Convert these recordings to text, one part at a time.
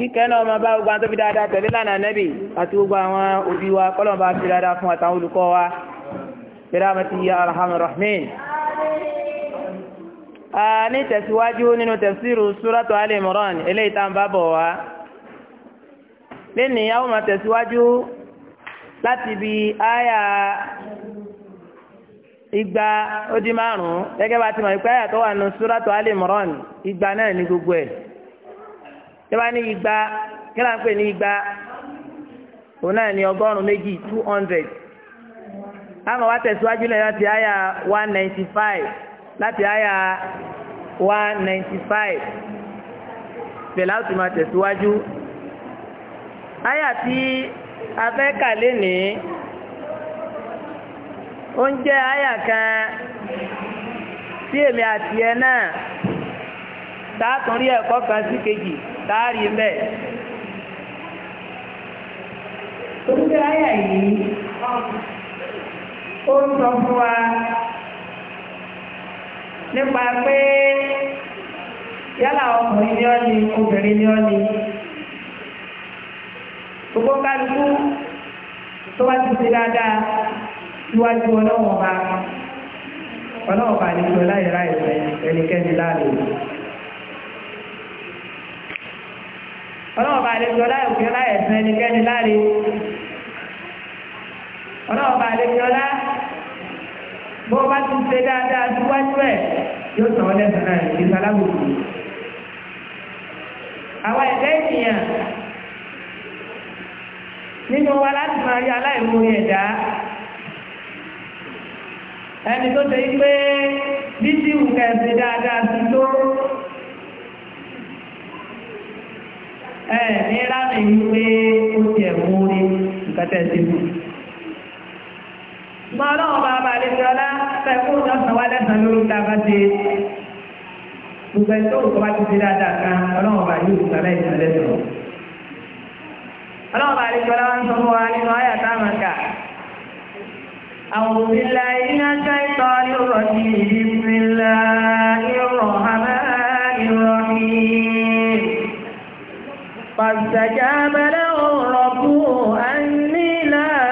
kíkẹ́ náà máa bá gbogbo àwọn tó fi dáadáa tẹ̀lé lánàá nẹ́bì àti gbogbo àwọn òbí wa kọ́lọ̀ bá fi dáadáa fún àtàwọn olùkọ́ wa bírámẹ́tì ya arhamar rahimin a ní tẹ̀síwájú a ó máa tẹ̀síwájú láti bi áyà igba ó dín márùn-ún gẹ́gẹ́ bá ti mọ̀ ìpẹ́ àyà tó wà nínú igba náà ní gbogbo ẹ̀ yẹba ní igba kí ń pè ní igba òun náà ní ọgọ́rùn-ún méjì two hundred àmọ́ wa tẹ̀síwájú lẹ́yìn láti àyà one ninety five láti àyà one ninety five pẹ̀lú àti máa tẹ̀síwájú àyà tí a fẹ́ kà lénìí ó ń jẹ́ àyà kan tí èmi àti ẹ náà tààtàn rí ẹ̀kọ́ kan sí kejì táàrí mẹ́. Oúnjẹ ayà yìí, ó ń sọ fún wa nípa pé yálà ọkùnrin ni ọ́ ni obìnrin ni ọ́ ni. Gbogbo kálukú tó bá ti ṣe dáadáa síwájú ọlọ́wọ̀n ọba ọlọ́wọ̀n ọba àdìsọ láyé láyé ẹnikẹ́ni láàrin. ọlọ́ọ̀bà àlejò ọláyòkè ọláyẹ̀sán ẹnikẹ́ni láre ọlọ́ọ̀bà àlejò ọlá bó bá ti ṣe dáadáa síwájú ẹ̀ yóò sàn ọ́ lẹ́sàn náà ní sálábùkù àwọn ẹ̀dẹ́ ènìyàn nínú wa láti máa ẹ̀dá ẹni tó ṣe pé dáadáa tó ẹ̀ ní rámì wípé ó ti ẹ̀mú rí ìkàtẹ́ ti mú. Mọ ọlọ́run bá bá lè fi ọlá fẹ́ kó ní ọ̀sán wá lẹ́sàn lórí ta bá ti gbogbo ẹni tó kò bá ti ṣe dáadáa kan ọlọ́run bá yóò sàlẹ̀ ìsàlẹ̀ sọ̀rọ̀. Ọlọ́run bá lè fi ọlá wọn sọ fún wa nínú ayà táwọn kà. Àwọn òbí la iná ṣe ìtọ́ ní òrọ̀ فاستجاب له ربه أني لا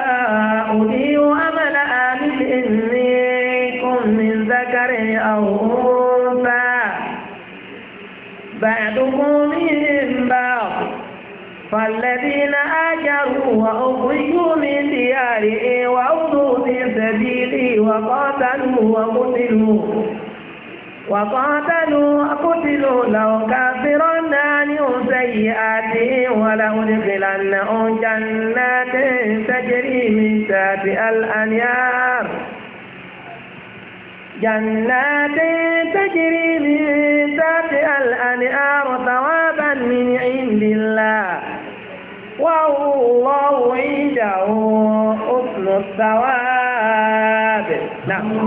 أضيع عمل إني كن من ذكر أو أنثى بعدكم من بعض فالذين آجروا وأخرجوا من ديارهم وأوذوا في سبيلي وقاتلوا وقتلوا وقاتلوا وقتلوا لو كانوا ولأدخلنهم جنات تجري من تحتها الأنهار جنات تجري من تحتها الأنهار ثوابا من عند الله والله عنده حسن الثواب نعم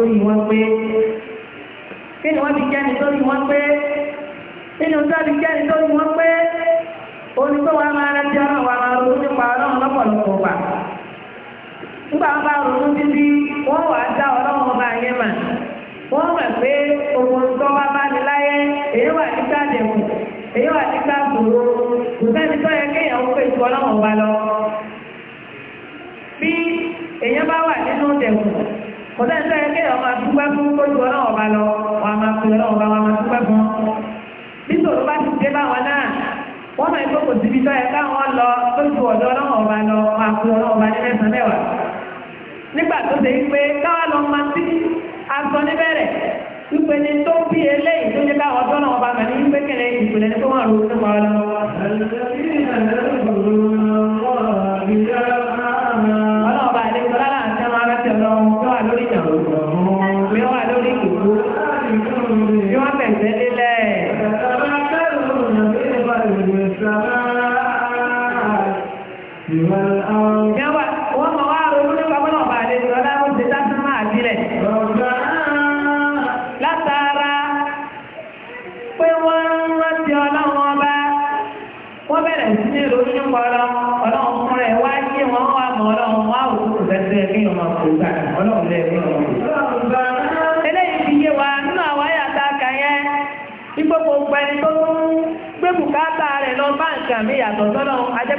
lórí wọn pé kí ni wọ́n ti jẹ́ni lórí wọn pé kí ni wọ́n ti jẹ́ni lórí wọn pé ti ọlọ́run bá wọn tó pẹ́ fún. nítorí bá ti dé báwọn náà wọ́n máa ń kó kò síbi tó yẹ káwọn lọ tó ju ọ̀dọ́ ọlọ́run ọba lọ wọn àpò ọlọ́run ọba ní mẹ́sàn-án mẹ́wàá. nígbà tó ṣe pé káwọn lọ máa sí aṣọ níbẹ̀rẹ̀ wípé ní tó bí eléyìí tó jẹ́ káwọn ọdọ́ ọlọ́run ọba mẹ́rin wípé kẹ̀lẹ́ ìpìlẹ̀ ní kó wọ́n rò ó Wọ́n mọ̀ wá ronú nípa mọ́nà bàdé ìrọ̀lá ó ti dáṣẹ́ máa sílẹ̀. Látara pé wọ́n ń rántí ọlọ́run ọba, wọ́n bẹ̀rẹ̀ sí ní ronú nípa ọlọ́run fún rẹ̀ wá yé wọn wá mọ̀ ọlọ́run wá òkú kò fẹ́ sí ẹ̀mí ọmọ kò gbà ọlọ́run lẹ́ẹ̀mí ọmọ. Eléyìí fi yé wa nínú àwọn àyàtà kan yẹn, ipò gbogbo ẹni tó tún gbé bùkátà rẹ̀ lọ bá nǹkan mi yàtọ̀ sọ́dọ̀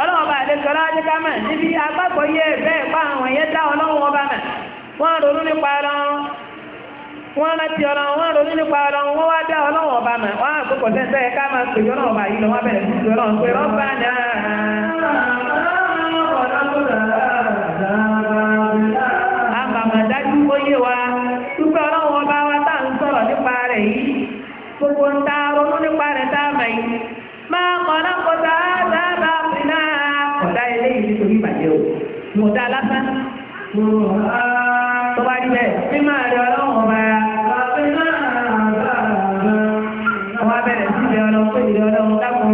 ọlọ́wọ́ bá àlejò ọlọ́wọ́ ká níbi agbábọ̀ yẹ bẹ́ẹ̀ àwọn ẹ̀yẹ dá ọlọ́wọ́ ọba mọ̀ wọ́n ronú nípa ọlọ́run wọ́n rántí nípa ọlọ́run wọ́n wá dá ọlọ́wọ́ ọba mọ̀ wọ́n mọ̀tá lásán tó bá rí bẹ́ẹ̀ mímọ̀ rẹ̀ ọlọ́run ọba ọba bẹ̀rẹ̀ sí ilẹ̀ ọlọ́run pé ilẹ̀ ọlọ́run dákun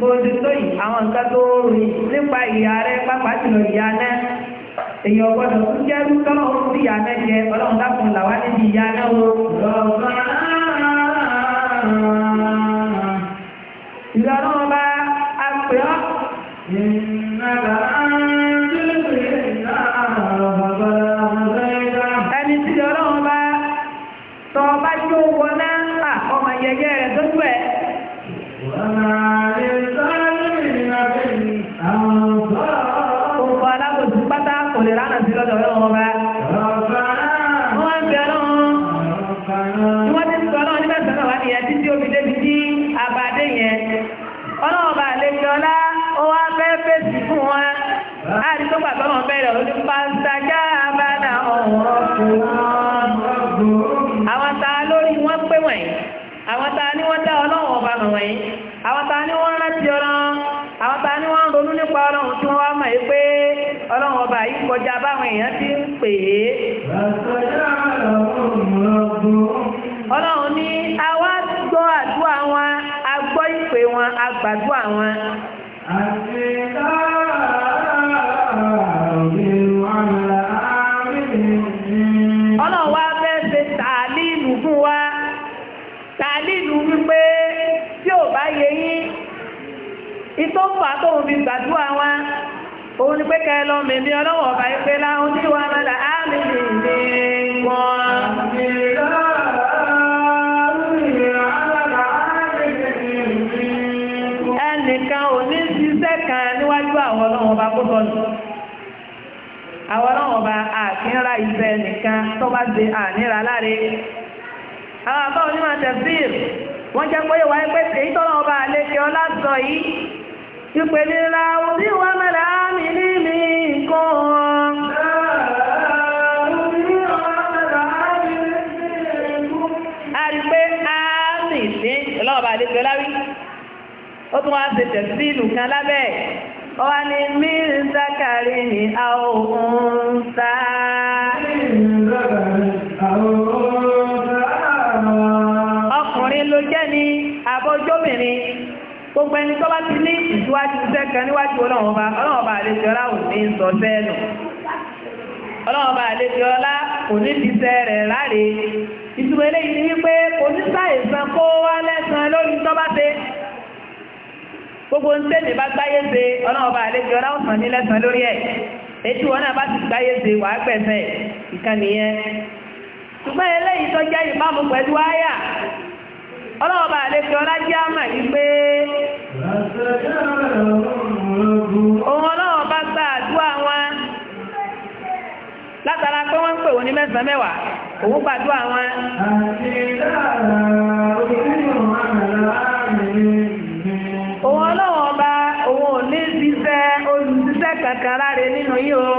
bó ti tó yìí àwọn nǹkan tó rí nípa ìyá rẹ̀ pápá jùlọ ìyá náà èyí ọgbọ́dọ̀ tó jẹ́ rú tọ́lọ́run sí ìyá náà jẹ ọlọ́run dákun làwa níbi ìyá náà wo ìlọ́run ọba apẹ̀ ọ́ kọjá báwọn èèyàn ti ń pè é. ọlọ́run ní àwa gbọ́ àdúrà wọn a gbọ́ ìpè wọn a gbàdúrà wọn. jẹ́ kó yẹ wáyé pé èyí tọ́lọ́ ọba àlejò ọlá sọ yìí ìpèlè ra òbí wa mẹ́ra mi ní mi nǹkan. a rí pé a nì sí ọlọ́ọ̀ba àlejò ọlá wí ó tún wá ṣe tẹ̀sí ìlú kan lábẹ́ ẹ̀ ọ wá ní mí ń sákàrí ní àwọn òun sáà. gbogbo ẹni tó bá ti ní ìtúwájú iṣẹ́ kan níwájú ọlọ́run ọba ọba àlejò ọlá ò ní sọ sẹ́ẹ̀nù ọlọ́run ọba àlejò ọlá kò ní ti sẹ́ rẹ̀ láre ìtumọ̀ eléyìí ni wípé kò ní sáyẹ̀sán kó wá lẹ́sàn lórí tó bá ṣe gbogbo ń bá gbáyé ṣe àlejò ọlá ò sàn ní lẹ́sàn lórí ẹ̀ wọn náà bá ti gbáyé ṣe wàá ṣùgbọ́n eléyìí Òun ọlọ́wọ́ bá gba wọn látara pé wọ́n ń pè wọ́n ní mẹ́sàn-án mẹ́wàá, òun gbàdúrà wọn. Òun ọlọ́wọ́ bá òun ní ṣiṣẹ́ olùṣiṣẹ́ kankan láre nínú yìí o.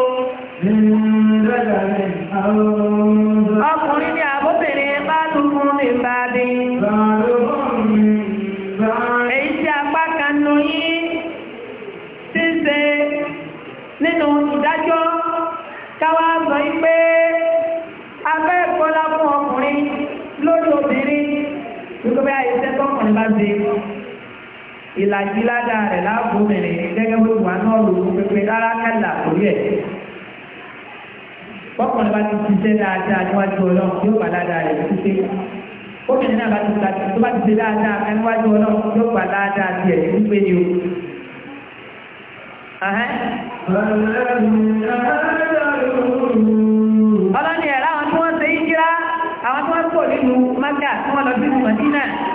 ṣe ìlàjì rẹ̀ láàbùnmìnrin gẹ́gẹ́ bó wà náà lòlú pépé rárá kálà ẹ̀ bọ́kùnrin bá ti ṣiṣẹ́ dáadáa níwájú ọlọ́run yóò bá dáadáa rẹ̀ obìnrin náà bá ti ṣe tó bá ti ṣe dáadáa níwájú yóò dáadáa o. ọlọ́ni tí wọ́n ṣe ń jíra àwọn tí wọ́n nínú tí wọ́n lọ sí ìmọ̀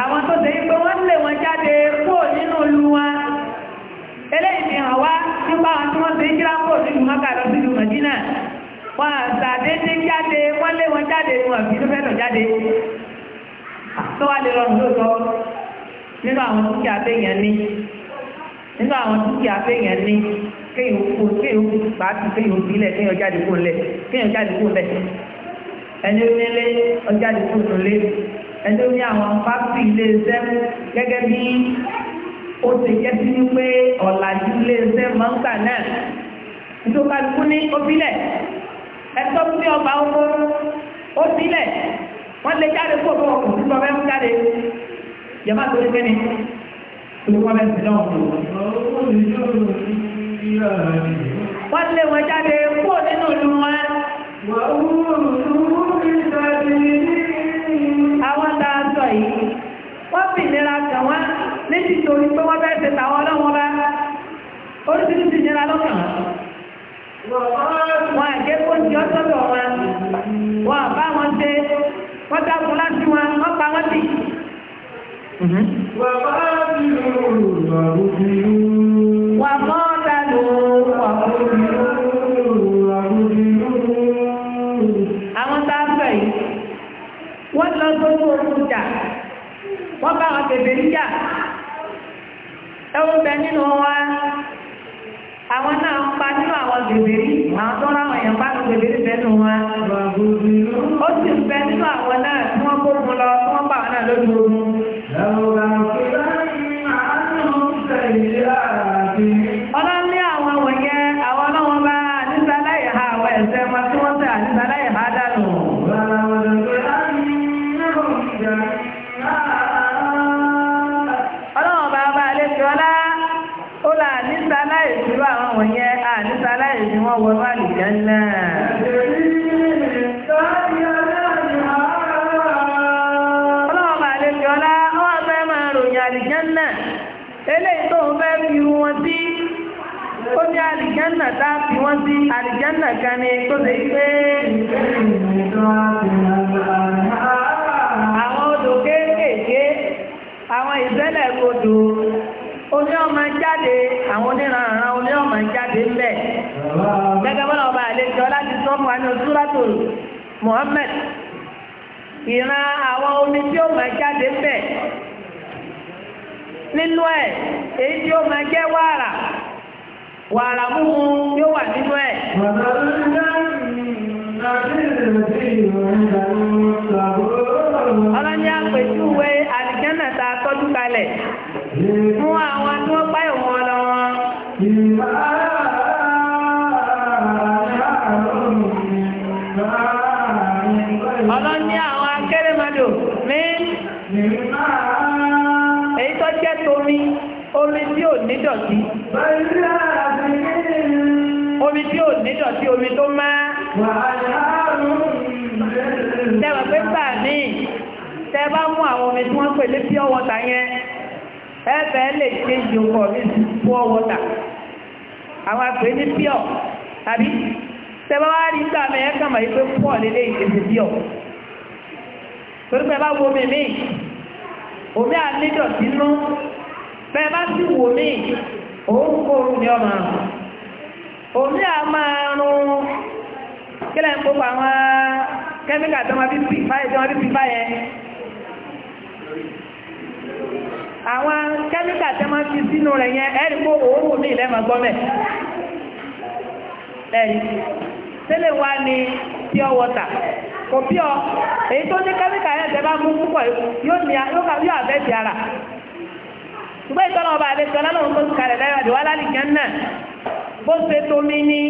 Àwọn tó tẹ́ ipé wọ́n lè wọ́n jáde kó nínú olú wa. Eléyìí ni àwá nípa àwọn tí wọ́n tẹ́ ìjírá kó nínú mọ́kà lọ sí ìlú Màdínà. Wọ́n àtàdédé jáde, wọ́n lè wọ́n jáde wọn àbí tó fẹ́lọ̀ jáde. Tó wá lè rọrùn lóòtọ́ nínú àwọn dúkìá fẹ́yàn ní. Nínú àwọn dúkìá fẹ́yàn ní kéèyàn kó kéèyàn pàtó kéèyàn bílẹ̀ kéèyàn jáde kó lẹ̀ kéèyàn jáde kó lẹ̀ ẹni onílé ọjà ìfòsò lé ẹni oní àwọn fáfì ilé iṣẹ́ gẹ́gẹ́ bí ó ti jẹ́ sí wípé ọ̀làjú ilé iṣẹ́ máa ń gbà náà nítorí kálukú ní obílẹ̀ ẹ̀tọ́ sí ọba owó ó sílẹ̀ wọ́n lè jáde kó bọ́ kò sí bọ́bẹ́ ń jáde yàmá tó lé kẹ́ni tó lè wọ́n bẹ́ẹ̀ sí náà wọ́n lè wọ́n jáde kó nínú ìlú wọn. Àwọn tààtọ̀ yìí, wọ́n fi ìnira kàn wá ní títorí pé wọ́n bẹ́ẹ̀ tẹta wọn lọ́wọ́ bá oríṣiríṣi ìnira lọ́kàn wọn àjẹ́ kó jí ọ́sọ́dọ̀ wọn wọn bá wọn ṣe wọ́n dákun láti wọn wọ́n pa wọ́n sí. Wọ́n bá ti rú wọ́n bá wọn bèbè ya ẹwọ́n bẹ nínú wa àwọn náà ń pa nínú àwọn bèbè rí àwọn tó ráwọn èèyàn bá lọ bèbè bẹ́ẹ̀ wa wọ wàlìjá náà. ọlọ́wọ́ bá lè fi ọlá ọwọ́ fi wọ́n sí àlìjánà kan ni tó lè pé àwọn odò kéékèèké àwọn ìṣẹ̀lẹ̀ kodò ọmọ jáde àwọn oníranran olé ọmọ jáde ńbẹ̀ gẹ́gẹ́ bọ́lá ọba àlejò láti sọ fún wa ní Suratul Muhammad ìran àwọn omi tí ó máa jáde ńbẹ̀ nínú ẹ̀ èyí tí ó máa jẹ́ wàrà wàrà múmu yóò wà nínú ẹ̀. tí ò ní dọ̀tí omi tí ò ní dọ̀tí omi tó máa tẹ́wọ̀n pé gbà ní tẹ́ bá mú àwọn omi tí wọ́n pè lé pure water yẹn ẹ̀fẹ́ lè ṣe ìjòkọ̀ ní pure water àwọn àpè ní pure tàbí tẹ́bá wá rí gbà mẹ́ kàmà ìpé pọ̀ lélé ìpèsè bí ọ̀ torípẹ́ bá wo mímí omi àníjọ̀ sínú bẹ́ẹ̀ bá sì wò mí òun kóoru ni ọmọ òní àmàrún kílẹ̀ ń kó àwọn kẹ́míkà tó máa fi pípa yẹn tó máa fi pípa yẹn àwọn kẹ́míkà tó máa fi sínú rẹ̀ yẹn ẹ̀rí kó òórùn mi lẹ́mọ̀ gbọ́mẹ̀ ẹ̀rí tẹ́lẹ̀ wá ní pure water kò pure èyí tó ní kẹ́míkà yẹn tẹ́ bá mú púpọ̀ yóò ní àbẹ́ ti ara ṣùgbọ́n ìtọ́nà ọba àlejò ọlọ́run tó ti kalẹ̀ láyọ̀ àdìwá lálìjẹ́ náà bó ṣe tómi ní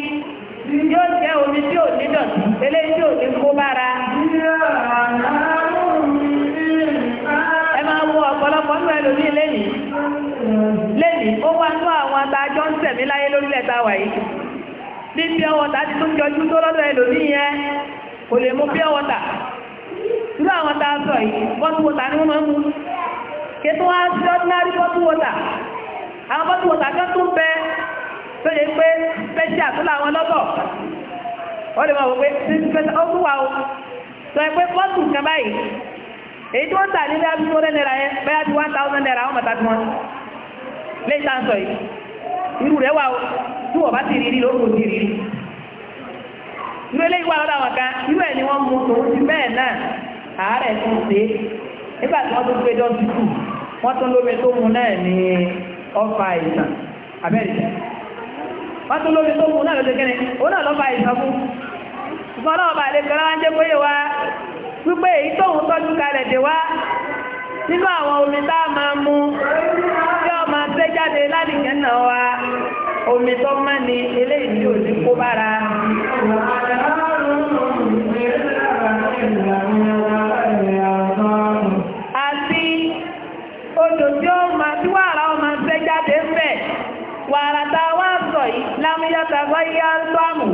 yóò jẹ́ omi tí ò ní dọ̀tí eléyìí tí ò ní kó bára. ẹ máa wo ọ̀pọ̀lọpọ̀ nínú ẹlòmíì lẹ́yìn lẹ́yìn ó wá tó àwọn adájọ́ ń tẹ̀mí láyé lórílẹ̀ tá a wà bí pure water ti tún jọjú tó lọ́dọ̀ ẹlòmíì yẹn kò lè mú pure water irú àwọn tá a sọ yìí bọ́tù ni wọ́n máa ń mu kí tó wá sí ordinary bottle water àwọn bottle water kan tún bẹ tó yẹ pé special tó láwọn lọ́bọ̀ wọ́n lè pé ó o sọ pé bottle kan báyìí èyí tí wọ́n tà nílé abúlé ọ̀rẹ́ náírà yẹn bẹ́ẹ̀ tí wọ́n wọ́n wọ́n tún lómi tó mu náà ní ọfà ìsàn abẹ́rẹ́ wọ́n tún lómi tó mu náà lọ́dẹ kẹ́ni ó náà lọ́fà ìsàn fún ṣùgbọ́n náà bàálé kọ́lá wá ń jẹ́ bóyá wa wípé èyí tóun tọ́jú kalẹ̀ dé wá nínú àwọn omi tá a máa mu tí wọ́n máa tẹ́ jáde ládìgẹ́ náà wa omi tó má ní eléyìí tí ò ní kó bára. wáyé àtọ́mù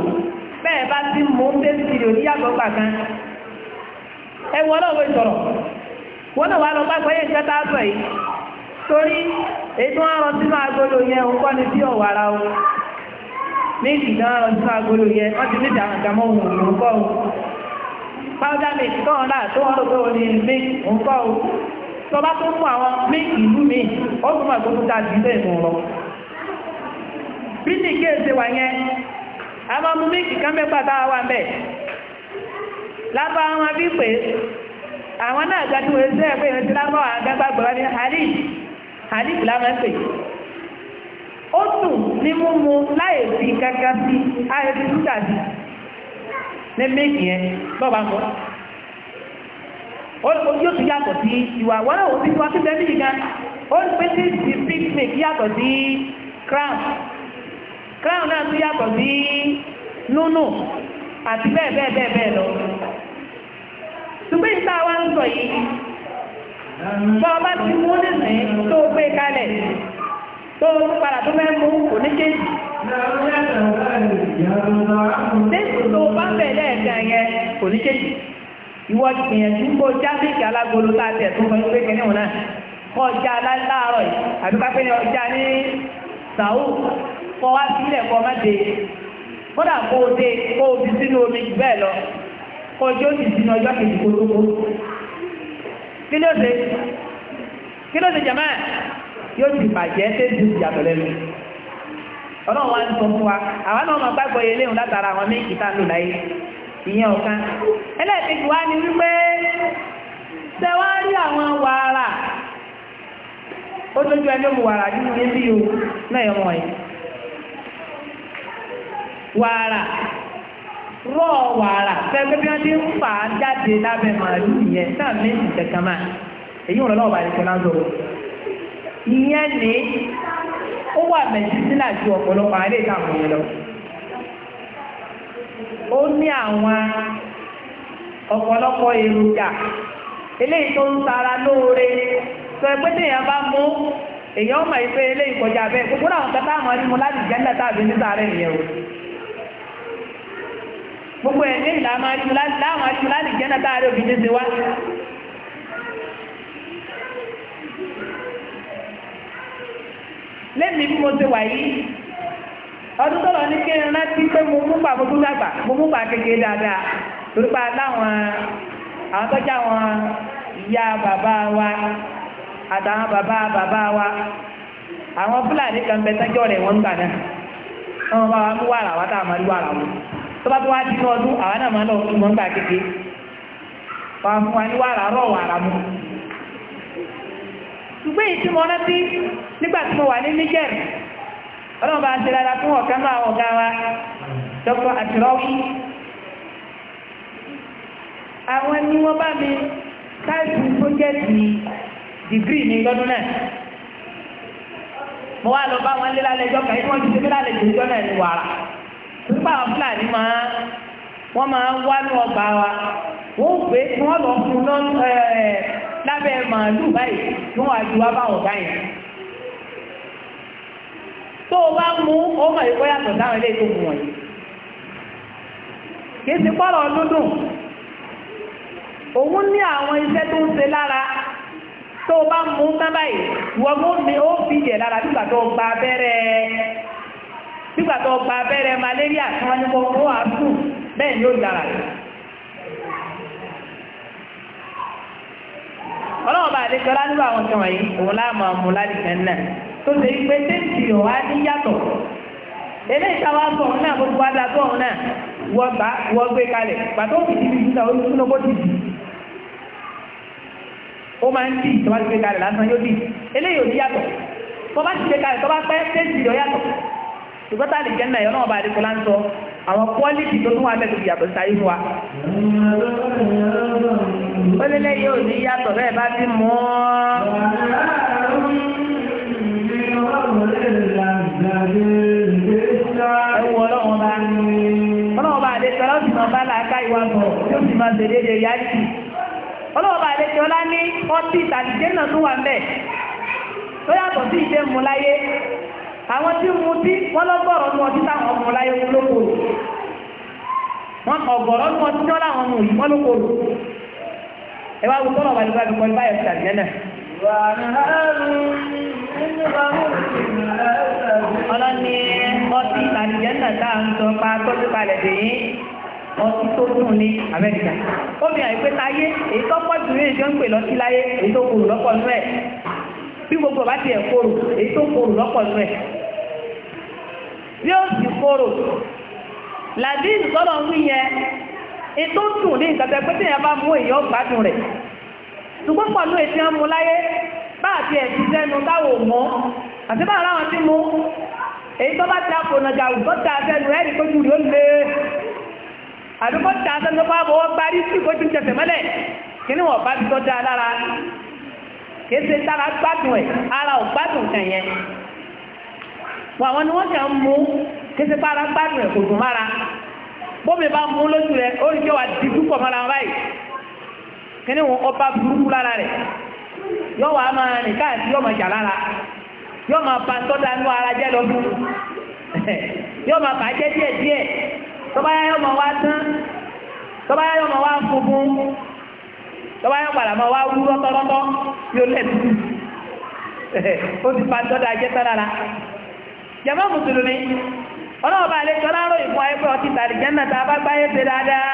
bẹ́ẹ̀ bá ti mú tẹ́sí ìrò ní yàgbọ́ pàkan ẹwọ ọlọ́wọ́ ìsọ̀rọ̀ wọ́n náà wà lọ pàpọ̀ yẹn kẹta yìí torí èyí tó sínú agolo yẹn ń ni bí o méjì náà rọ sínú agolo yẹn wọ́n ti ní ìdáhùn òun òun kọ́ o o bí ní kí èsè wà yẹn a máa mú mílìkì kan mẹ́fà táwa wà mẹ́ lábá wọn bí pé àwọn náà gbádùn wọn ṣe ẹgbẹ́ ìrántí lábọ́ àgbàgbà wọn ni hadith hadith láwọn pè ó tún ní múmu láì fi kankan sí ayé fi túkà sí ní mílìkì yẹn bọ́ọ̀bá mọ́ yóò tún yàtọ̀ sí ìwà wọn náà wọ́n ti wá sí bẹ́ẹ̀ mílìkì kan ó ń pèsè sí picnic yàtọ̀ sí crown crown náà tún yàtọ̀ sí nùnù àti bẹ́ẹ̀ bẹ́ẹ̀ bẹ́ẹ̀ bẹ́ẹ̀ lọ ṣùgbọ́n ìta wa ń sọ yìí bọ́ ọba ti mú nísìn tó gbé kalẹ̀ tó padà tó mẹ́mú kò ní kéjì nísìn tó bá bẹ̀rẹ̀ ẹ̀ka yẹn kò ní kéjì ìwọ gbìyànjú kó jáfíìkì alágolo tá a tẹ̀ tó fọyín pé kẹ́ni náà kọjá láàárọ̀ yìí àbí ni ọjà ní sàúù kọwaa siile sílẹ̀ kọ́ má de kódà kó o kó o fi sínú omi bẹ́ẹ̀ lọ kó o jẹ́ òsì sínú ọjọ́ kejì kó tó kó. kí ló kí ló yóò ti bàjẹ́ ti di àbẹ̀lẹ̀ ọlọ́run wa ń sọ fún wa àwa náà máa gbàgbọ́ a wàrà ó tójú ẹni ó mu wàrà nínú o, náà wàrà rọ wàrà pẹ̀lú ń fà á jáde lábẹ́ màálù yẹn náà méjì kankan máa èyí wọn lọ́wọ́ bá ní ìyẹn ni ó wà mẹ̀dísínà ju ọ̀pọ̀lọpọ̀ àárẹ̀ ìtàkùn yẹn lọ ó ní àwọn èròjà eléyìí tó ń lóore bá mú èèyàn eléyìí kọjá gbogbo kẹta àwọn ẹni láti tàbí rẹ̀ gbogbo ẹ̀ lẹ́yìn láàmà àríjú láti jẹ́ náà táàrí òbí jẹ́ wá lẹ́mí bí mo ti wà yìí ọdún tọ́lọ ní kí n rántí pé mo mú pa gbogbo dàgbà mo mú pa kékeré dáadáa torípa láwọn àwọn tọ́jà wọn ìyá bàbá wa àtàwọn bàbá bàbá wa àwọn fúlàní kan bẹ rẹ̀ wọ́n ń gbà náà bá mú wàrà máa lú tó bá tó wá dínú ọdún àwọn náà máa lọ ọdún mọ́ wà fún wa ní wàrà rọ̀ wàrà mu ṣùgbọ́n èyí tí mo rántí nígbà tí mo wà ní Niger ọlọ́run bá ṣe dáadáa fún ọ̀kan náà ọ̀gá wa Dr. àwọn ni wọ́n bá mi táìpù pọ́jẹ́tì dìgírì lọ́dún náà mo wá lọ bá wọn lé lálẹ́ ìjọ kan yìí wọ́n ti ṣe lálẹ́ ìjọ náà ní wàrà. nípa àwọn fúlàní máa wọ́n máa wá ní ọgbà wa wọ́n gbé tí wọ́n lọ fún lábẹ́ màálù báyìí tí wọ́n àjùwá bá ọ̀gá yẹn tó o bá mú ó mọ̀ ìkó yàtọ̀ sáwọn ilé tó mú wọ̀nyí kìí ti pọ́lọ̀ dúdùn òun ní àwọn iṣẹ́ tó ń ṣe lára tó o bá mú sábàyìí wọ́n mú mi ó fi jẹ̀ lára nígbà tó gba abẹ́rẹ́ nígbà tó gba abẹ́rẹ́ malaria tí wọ́n ní kó kó àbù bẹ́ẹ̀ ni ó yára rẹ̀ ọlọ́run bá àdéjọ lánúwà àwọn tí wọ̀nyí òun láàmú àmú lálìkẹ́ náà tó ṣe pé téèkì ọ̀há ní yàtọ̀ èlé ìtawà sọ òun náà gbogbo adá sọ òun náà wọ́n gbà wọ́n gbé kalẹ̀ pàtó òkìtì bí ìdúgbà ó tún lọ́gbọ́ ti dì ó máa ń dì tó bá ti gbé kalẹ̀ lásán yóò dì eléyìí ò ṣùgbọ́n tá a lè jẹ́ náà ọlọ́wọ́ bá a lè kọ́ láńsọ àwọn pọ́lìtì tó tún wà bẹ́ẹ̀ tóbi yàtọ̀ sáyé wa. ó lé lẹ́yìn òní yàtọ̀ bẹ́ẹ̀ bá ti mú ọ́. ẹ̀wọ̀n ọlọ́wọ́ bá ọlọ́wọ́ bá a lè sọ sì máa bá làákà ìwà bọ̀ yóò sì máa tẹ̀lé èdè yáàtì ọlọ́ọ̀bà àlejò ọlá ní ọtí ìtàlìjẹ́ náà tó wà mẹ́ tó yàtọ̀ sí ìṣe mú láyé àwọn tí mu tí wọ́n lọ́gọ́rọ̀ nu ọtí táwọn ọmọ láyé wọn ló kòrò wọn ọgọ́rọ̀ nu ọtí tí wọ́n láwọn ọmọ yìí wọ́n ló kòrò ẹ wá wù tọ́lọ̀ balùwẹ̀ àbíkọ́ ẹ náà. ọlọ́ni ọtí àjẹ́ náà tá ń sọ pa tọ́jú palẹ̀ dè ọtí tó dùn ní Amẹ́ríkà omi àìpé táyé èyí tó pọ̀ jù ní ìjọ ń pè lọ́tí láyé èyí tó kòrò lọ́pọ̀ nú ẹ̀ tí ó sì kóró làdíìsì tọ́lọ̀ ń wí yẹn ètò ń dùn ní ìgbàgbẹ́ pé tí èèyàn bá mú èèyàn gbádùn rẹ̀ ṣùgbọ́n pọ̀lú ètí ọmọ láyé bá àti ẹ̀sìn sẹ́nu táwò mọ́ àti bá aláwọn tí mú èyí tó bá ti àpònàjà ògbọ́ta sẹ́nu ẹ̀rì kójú rí ó lè àdúgbọ́ta sẹ́nu bá bọ́wọ́ parí sí ìkójú jẹsẹ̀ mọ́lẹ̀ kí ni wọ́n bá ti tọ́jà lára kí ṣe tára gbádùn ẹ̀ ara ò wọn àwọn ni wọ́n ṣe ń mú kése para gbádùn ẹ̀ kò dùn mára bóbi bá mú lójú rẹ̀ ó rí jẹ́ wà di púpọ̀ mọ́ra wọn báyìí kíní wọn ọba burúkú lára rẹ̀ yóò wá máa rìn káàkiri yóò máa jà lára yóò máa ba tọ́da inú ara jẹ́ lọ fún yóò máa bàjẹ́ díẹ̀ díẹ̀ tọ́báyá yóò máa wá tán tọ́báyá yóò máa wá funfun tọ́báyá padà máa wá wú rọ́tọ́rọ́tọ́ yóò lẹ̀ ó ti ba tọ́da jẹ́ tán lára. jàmá mùsùlùmí ọlọ́ọ̀bá àlejò láàárọ̀ ìfún ayé pé ọtí tàbí jẹ́nà tá bá gbáyé dáadáa.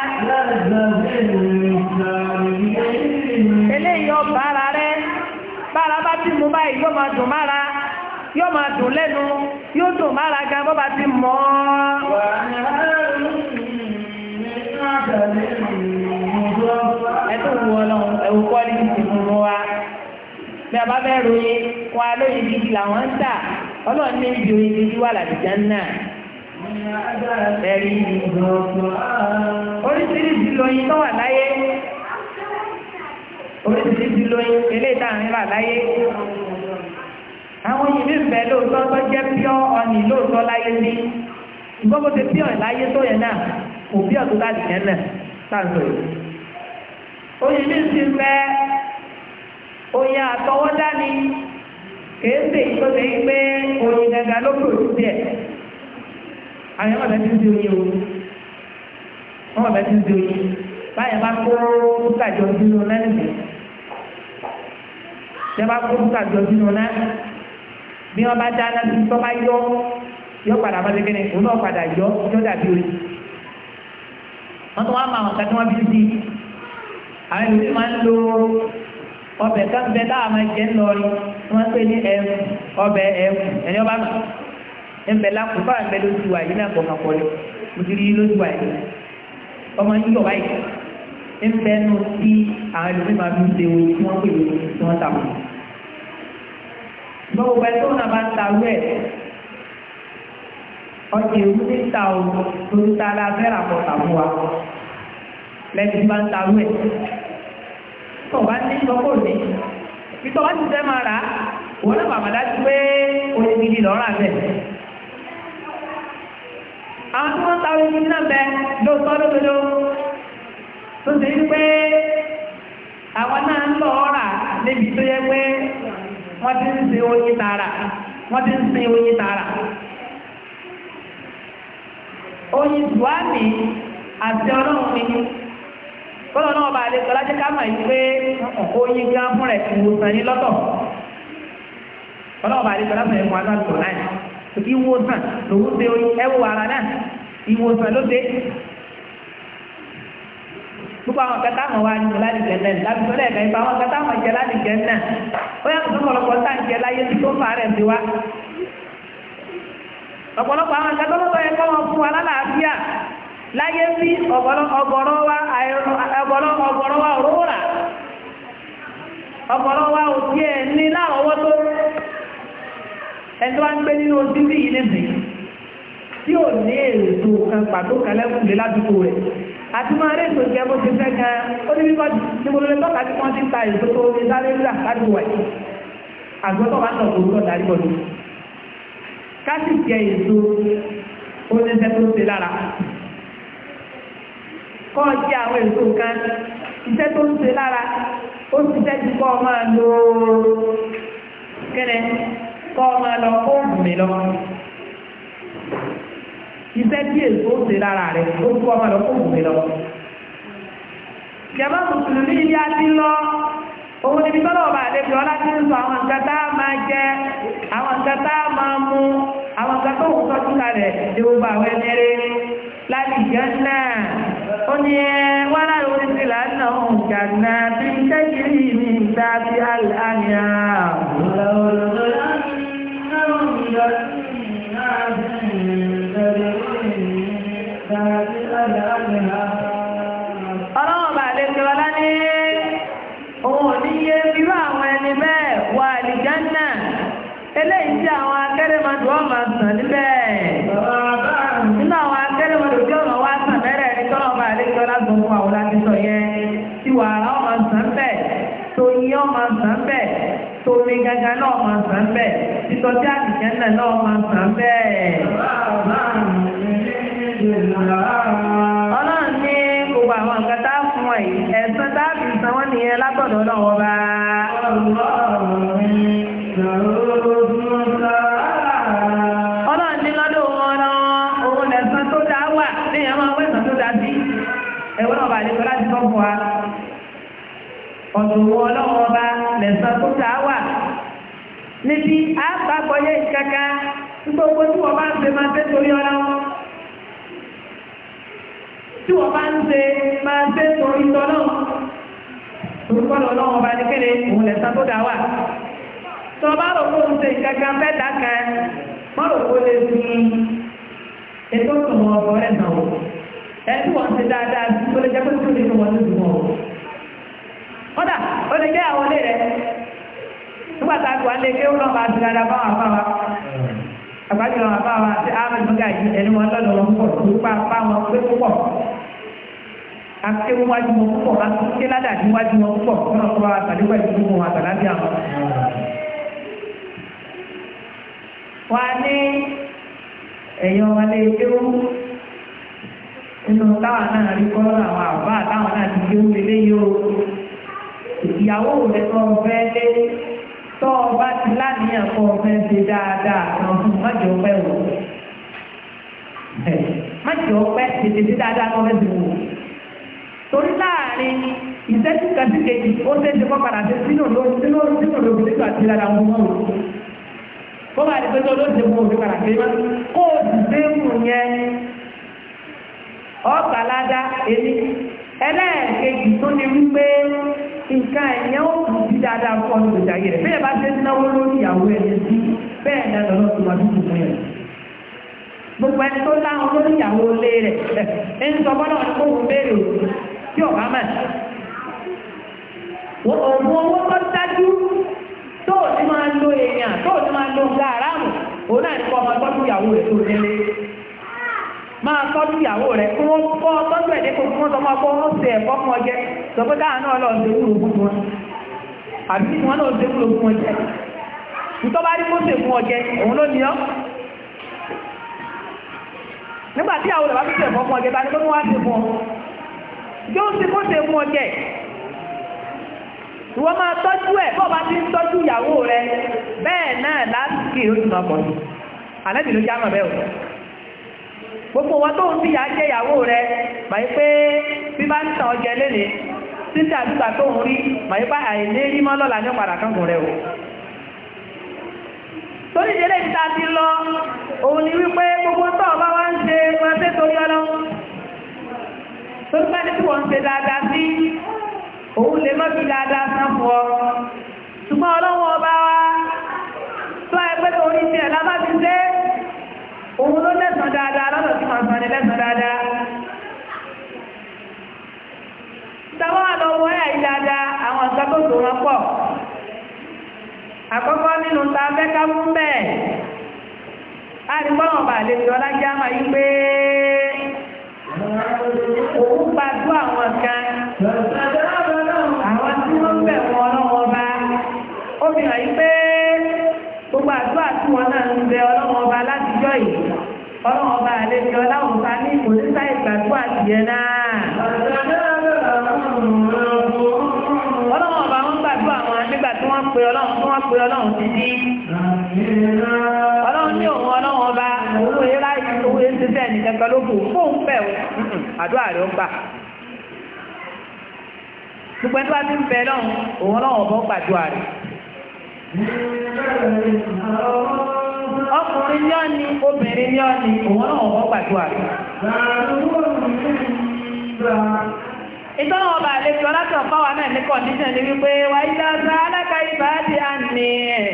eléyìí ọba ara rẹ bára bá ti mú báyìí yóò máa dùn mára yóò máa dùn lẹ́nu yóò dùn ti lọ́wọ́ ọlọ́run ní ibi oyin wà làdìjá náà ẹ̀rí oríṣiríṣi lóyin tó wà láyé oríṣiríṣi lóyin eléyìí tá à láyé àwọn yìí ń lóòótọ́ tó jẹ́ píọ́ ọ̀nì lóòótọ́ láyé ní ìgbọ́n ti píọ̀ láyé tó yẹn náà kò píọ̀ tó làdìjá náà sáǹtò yìí oyin ní ti ń oyin àtọwọ́dá ni kéèké ìkọ́sẹ̀ yìí pé oyin dandan ló kúrò sí ẹ̀ àwọn ọ̀dà ti ń di oyin o wọ́n ọ̀dà ti ń di oyin báyà bá kó kúkàjọ sínú náà nìyẹn tẹ́ bá kó kúkàjọ sínú náà bí wọ́n bá dáná sí tọ́ bá yọ yọ padà bá tẹ́kẹ́ ní òun náà padà yọ yọ dàbí oyin wọ́n tún wá máa wọn kàtí wọ́n bí sí àwọn ìlú máa ń lo ọbẹ̀ kan bẹ táà máa jẹ́ ńlọrin wọ́n pè ní ẹ̀rù ọbẹ̀ ẹ̀rù ẹ̀yọ́ bá mọ̀ ẹ̀bẹ̀ lápò bá ẹ̀bẹ̀ lójú wa yìí náà kọ̀ kọ̀ lọ mo ti rí lójú wa yìí ọmọ yìí yọ̀ báyìí ẹ̀bẹ̀ nù sí àwọn ẹlòmí máa fi ṣe wo tí wọ́n pè ní tí wọ́n ta wọn. gbogbo ẹ̀ tó náà bá ń ta wẹ̀ ọjà èwú ní ta o torí ta la fẹ́ràn àpọ̀ta fún wa lẹ́yìn tí bá ń ta wẹ̀ tó bá ní ìsọ́kò ní ìtọ́ wá ti fẹ́ máa rà á wọ́n náà bàbá dájú pé oye gidi lọ́rọ̀ àbẹ̀. àwọn tí wọ́n táwọn ibi náà bẹ lóòótọ́ lódodo tó ṣe ń pé àwọn náà ń lọ níbi kọ́lọ̀ náà bá lè sọlá jẹ́ ká mọ̀ yìí pé oyin gan fún rẹ̀ ìwòsàn ní lọ́tọ̀ kọ́lọ̀ bá lè sọlá fún ẹ̀kọ́ aláàbò láì ìwòsàn lòún ṣe ẹwù ara náà ìwòsàn ló dé gbogbo àwọn kẹta àwọn wa ní ìjẹlá nìjẹ náà láti sọ lẹ́ẹ̀ka ìfọ àwọn kẹta àwọn ìjẹlá nìjẹ náà ó yàtọ̀ tó kọ̀lọ̀kọ̀ tá ìjẹ láyé tó fà rẹ̀ sí wa. ọ̀pọ̀lọpọ̀ àwọn kẹta lọ́wọ́ yẹ kọ́ wọn fún wa lálàáfíà láyé sí ọ̀gọ̀rọ̀ wa òróra ọ̀gọ̀rọ̀ wa ò tí ẹ̀ ní láàrọ̀wọ́ tó ẹ̀tọ́ wá ń gbé nínú ojú bí yìí nìsìn tí ò ní ètò kan pàtó kan lẹ́kùnlé ládùúgbò rẹ̀ àti máa rẹ̀ ètò ìjẹ́ bó ti fẹ́ gan ó ní bíbá níbolólé tọ́ka tí wọ́n ti ń ta ètò tó ní sáré rírà láti wà yìí àgbẹ̀tọ̀ wà náà lórúkọ darí bọ̀dọ̀ ká sì jẹ ètò oníṣẹ́ tó ṣe lára kọ́ jẹ́ àwọn èso nǹkan iṣẹ́ tó ń ṣe lára ó ti jẹ́ ti kọ́ máa lo kẹ́lẹ́ kọ́ máa lọ ó mi lọ iṣẹ́ tí èso ó ṣe lára rẹ̀ ó kọ́ lọ ó mi lọ. jẹ́mọ́ mùsùlùmí ilé lọ òun níbi tọ́lọ̀ ọba àdébí ọlá ti ń sọ àwọn nǹkan tá a máa jẹ àwọn nǹkan tá a máa mú àwọn nǹkan tó ń ní wọ́n láyé orí sí lánàá ọ̀gànà bí kẹ́kìrì ní ìgbà bí àlàáyà. Ọlọ́run bá lè fi ọlá ní òun ò ní yé àwọn ẹni bẹ́ẹ̀ wà ọmọ sàn níbẹ̀. kan náà máa sàn bẹ́ẹ̀ títọ́ sí àdìjẹ́ náà máa sàn bẹ́ẹ̀. ọlọ́run ní gbogbo àwọn nǹkan tá fún ẹ̀sán tá a nìyẹn látọ̀dọ̀ náà wọ́n bá gbogbo tí wọ́n bá ń ṣe máa ṣe torí ọlá wọn tí wọ́n bá ń ṣe máa ṣe torí tọ́lọ́ orúkọ lọ lọ́wọ́ ọba nìkéde òun lẹ̀ sá tó dá wà tó bá rò kó ń ṣe kankan fẹ́ dá kan wọ́n rò kó lè fi ètò ìtàn ọ̀rọ̀ rẹ̀ náà ẹni wọ́n ṣe dáadáa tó lè jẹ́ pé tó lè fi wọ́n lójú wọn. kódà ó lè jẹ́ àwọn ilé rẹ̀ nígbà tá a kò àbájọ àwọn àbá wa àti àwọn ìmọ̀gá yìí ẹni wọn lọ́dọ̀ wọn pọ̀ nípa apá wọn pé púpọ̀ àti wájú wọn púpọ̀ àti ṣé ládàjú wájú wọn púpọ̀ wọn lọ sọ àtàlẹ́ pẹ̀lú gbogbo wọn àtàlábíà wọn. wọ́n á ní ẹ̀yàn wọn lè kéwú nínú táwọn náà rí kọ́ lọ́dọ̀ àwọn àbá àtàwọn náà ti kéwú lélẹ́yìí o ìyàwó rẹ̀ tó ń fẹ́ lé tọ́ ọ bá ti láníyàn kọ́ ọ fẹ́ ṣe dáadáa kan fún májọ pẹ́ wò májọ pẹ́ tètè ṣe dáadáa kan fẹ́ ṣe wò torí láàrin ìṣẹ́jú kan sí kejì ó ṣe é ṣe kọ́ padà ṣe sínú lórí sínú lórí sínú lórí sínú àti ìlànà àwọn ọmọ rẹ̀ kó bá di pé tó ló ṣe mú òfin padà kó o sì dé wù yẹn ọ̀kàládá èmi. ẹlẹ́ẹ̀kejì tó ní wípé nǹkan ẹ̀yẹ́ ó kù sí dáadáa fún ọdún ìjà yìí rẹ̀ bẹ́ẹ̀ bá ṣe náwó lórí ìyàwó ẹni sí bẹ́ẹ̀ náà lọ́nà yẹn gbogbo ẹni tó láwọn lórí ìyàwó lé rẹ̀ sọ bọ́dọ̀ ní béèrè òkú tí ọ̀bá òun owó tó dájú ti máa lo èèyàn ti máa lo òun náà ní kọ́ ọmọ máa tọ́jú ìyàwó rẹ̀ kí wọ́n fọ́ tọ́jú ẹ̀dẹ́ kó fún ọmọ ọkọ̀ ó ṣe ẹ̀kọ́ fún ọjẹ́ sọ pé dáa náà lọ ṣe wúlò fún wọn àbí kí wọ́n náà ṣe wúlò fún ọjẹ́ nítọ́ bá rí kó ṣe fún ọjẹ́ òun ló ní ọ́ nígbà tí àwọn ìwádìí ṣe ẹ̀kọ́ fún ọjẹ́ bá ní kó wá ṣe fún ọ yóò ṣe kó ṣe fún ọjẹ́ ìwọ máa tọ́jú ẹ̀ bọ́ bá ti ń tọ́jú ìyàwó rẹ̀ bẹ́ẹ̀ náà láti kí pọ̀ gbogbo wọn tó ń fi yàá jẹ́ ìyàwó rẹ̀ pé bí bá ń tàn ọjẹ́ tó ń rí báyìí pé àìlé yímọ́ lọ́la ní kan kankùn rẹ̀ o torí ìdílé ìta ti lọ òun ni wípé gbogbo tó ọba wá ń ṣe wọn ṣe torí torí pẹ́ni tí wọ́n ń ṣe dáadáa sí òun lè mọ́ bí dáadáa fún ọlọ́wọ́ ọba wa tó ẹgbẹ́ torí lẹ́sàn dáadáa lọ́nà tí màá sọ ni lẹ́sàn dáadáa. Ìtàwọn àlọ́wọ́ ẹ̀ yìí dáadáa àwọn nǹkan tó dùn wọn pọ̀. Àkọ́kọ́ nínú ta fẹ́ká fún bẹ́ẹ̀. A ní bọ́lọ̀ bàlejò ọlájá máa yí pé. bàjẹ́ náà ọlọ́run ọba wọn gbàdúrà wọn nígbà tí wọ́n pe ọlọ́run tí wọ́n pe ọlọ́run ti dí ọlọ́run ní òun ọlọ́run ọba owó eré owó eré ti sẹ́ẹ̀ nìkan kan ló kù fóun fẹ́ o àdúrà rẹ̀ ń gbà gbogbo ẹni wá ti ń bẹ lọ́run òun ọlọ́run ọba ń gbàdúrà rẹ̀ ọkùnrin ní ọ́ni obìnrin ní ọ́ni òun náà wọ́n gbàdúrà ìtọ́nà ọba àlejò látọ̀ fáwà náà ní kọ̀díṣẹ̀ ní wípé wà ìdáza aláka ìbáàdì àmì ẹ̀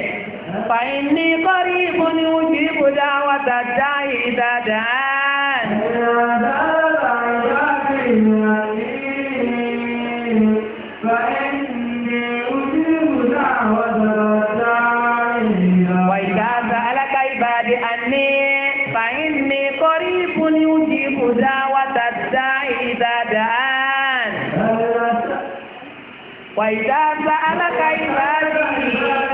fàyín ní kọ́rí ìbúni ojú ìbòdá wà dáadáa ìdáadáa وإذا سألك عبادي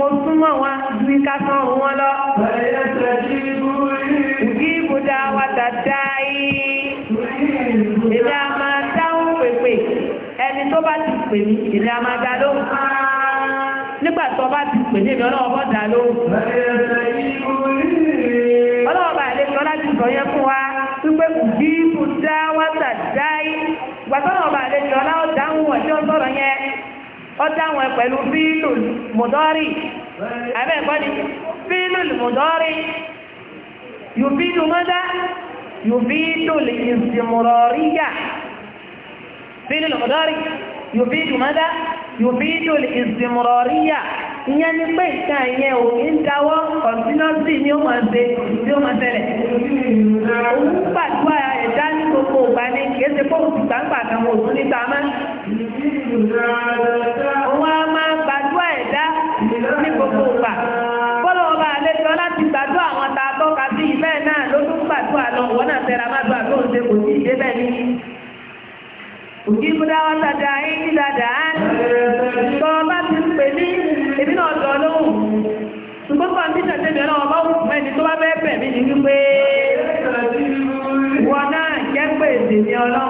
mo súnmọ́ wọn ní ká sán ohun wọn lọ. ìdí ibùdó àwọn dàda yìí èmi a máa dáhùn pèpè ẹni tó bá ti pè mí èmi a máa dá lóhùn nígbà tó bá ti pè ní èmi ọlọ́wọ́ bọ́ dá lóhùn. ọlọ́wọ́ bá lè sọ láti sọ yẹn fún wa wípé ìdí ibùdó àwọn dàda yìí gbàtọ́ ọlọ́wọ́ bá lè sọ láwọn dáhùn ọjọ́ sọ̀rọ̀ yẹn ó dáwọn pẹ̀lú fílù mùdọ́rì abẹ́ẹ̀kọ́ ni fílù mùdọ́rì yùbídù mọ́dá yùbídù ìsìmùrọ̀ríyà fílù mùdọ́rì yùbídù mọ́dá yùbídù ìsìmùrọ̀ríyà ìyẹn ni pé ìkan ìyẹn ò ní dáwọ́ kọ̀tínọ́sì ni ó máa ṣe tí ó máa tẹ̀lẹ̀ òun pàdúrà ẹ̀dá ní gbogbo ìgbà ní kìí ṣe fóònù ìgbàǹgbà kan òun níta máa Òun a máa gbàdúrà ẹ̀dá ní gbogbo ìgbà. Bọ́lá ọba àlejò láti gbàdúrà àwọn ta tọ́ka sí ìfẹ́ náà ló tún gbàdúrà lọ. Wọ́n náà tẹra máa gbà tó ń ṣe kò sí ìdé bẹ́ẹ̀ ni. Òjì Búdá wá sàdé ayé ní dada á. Tọ́ ọba ti ń pè ní èmi náà sọ lóhùn. Ṣùgbọ́n kan tí ìṣẹ̀ṣẹ̀ mi ọlọ́wọ́ bá fún ẹni tó bá fẹ́ bẹ̀ mí ni wípé wọ́n náà jẹ́ pèsè ní ọlọ́run.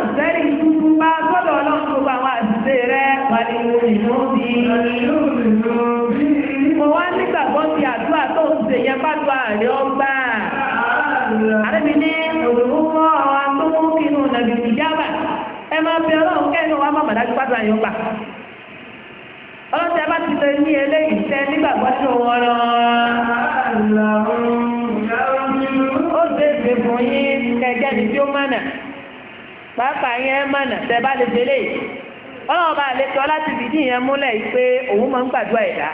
ni ó gbà àrẹ́bí ní òdòdó wọn tó mú nàbì ìjábà ẹ máa bẹ ọlọ́run kẹ́nu wa má bàdá gbádùn gbà bá ti lè ní eléyìí tẹ nígbàgbọ́ lọ. ó fún yín kẹjẹ ní tí ó pàápàá yẹn tẹ bá lè délé bá lè láti fìdí yẹn yìí pé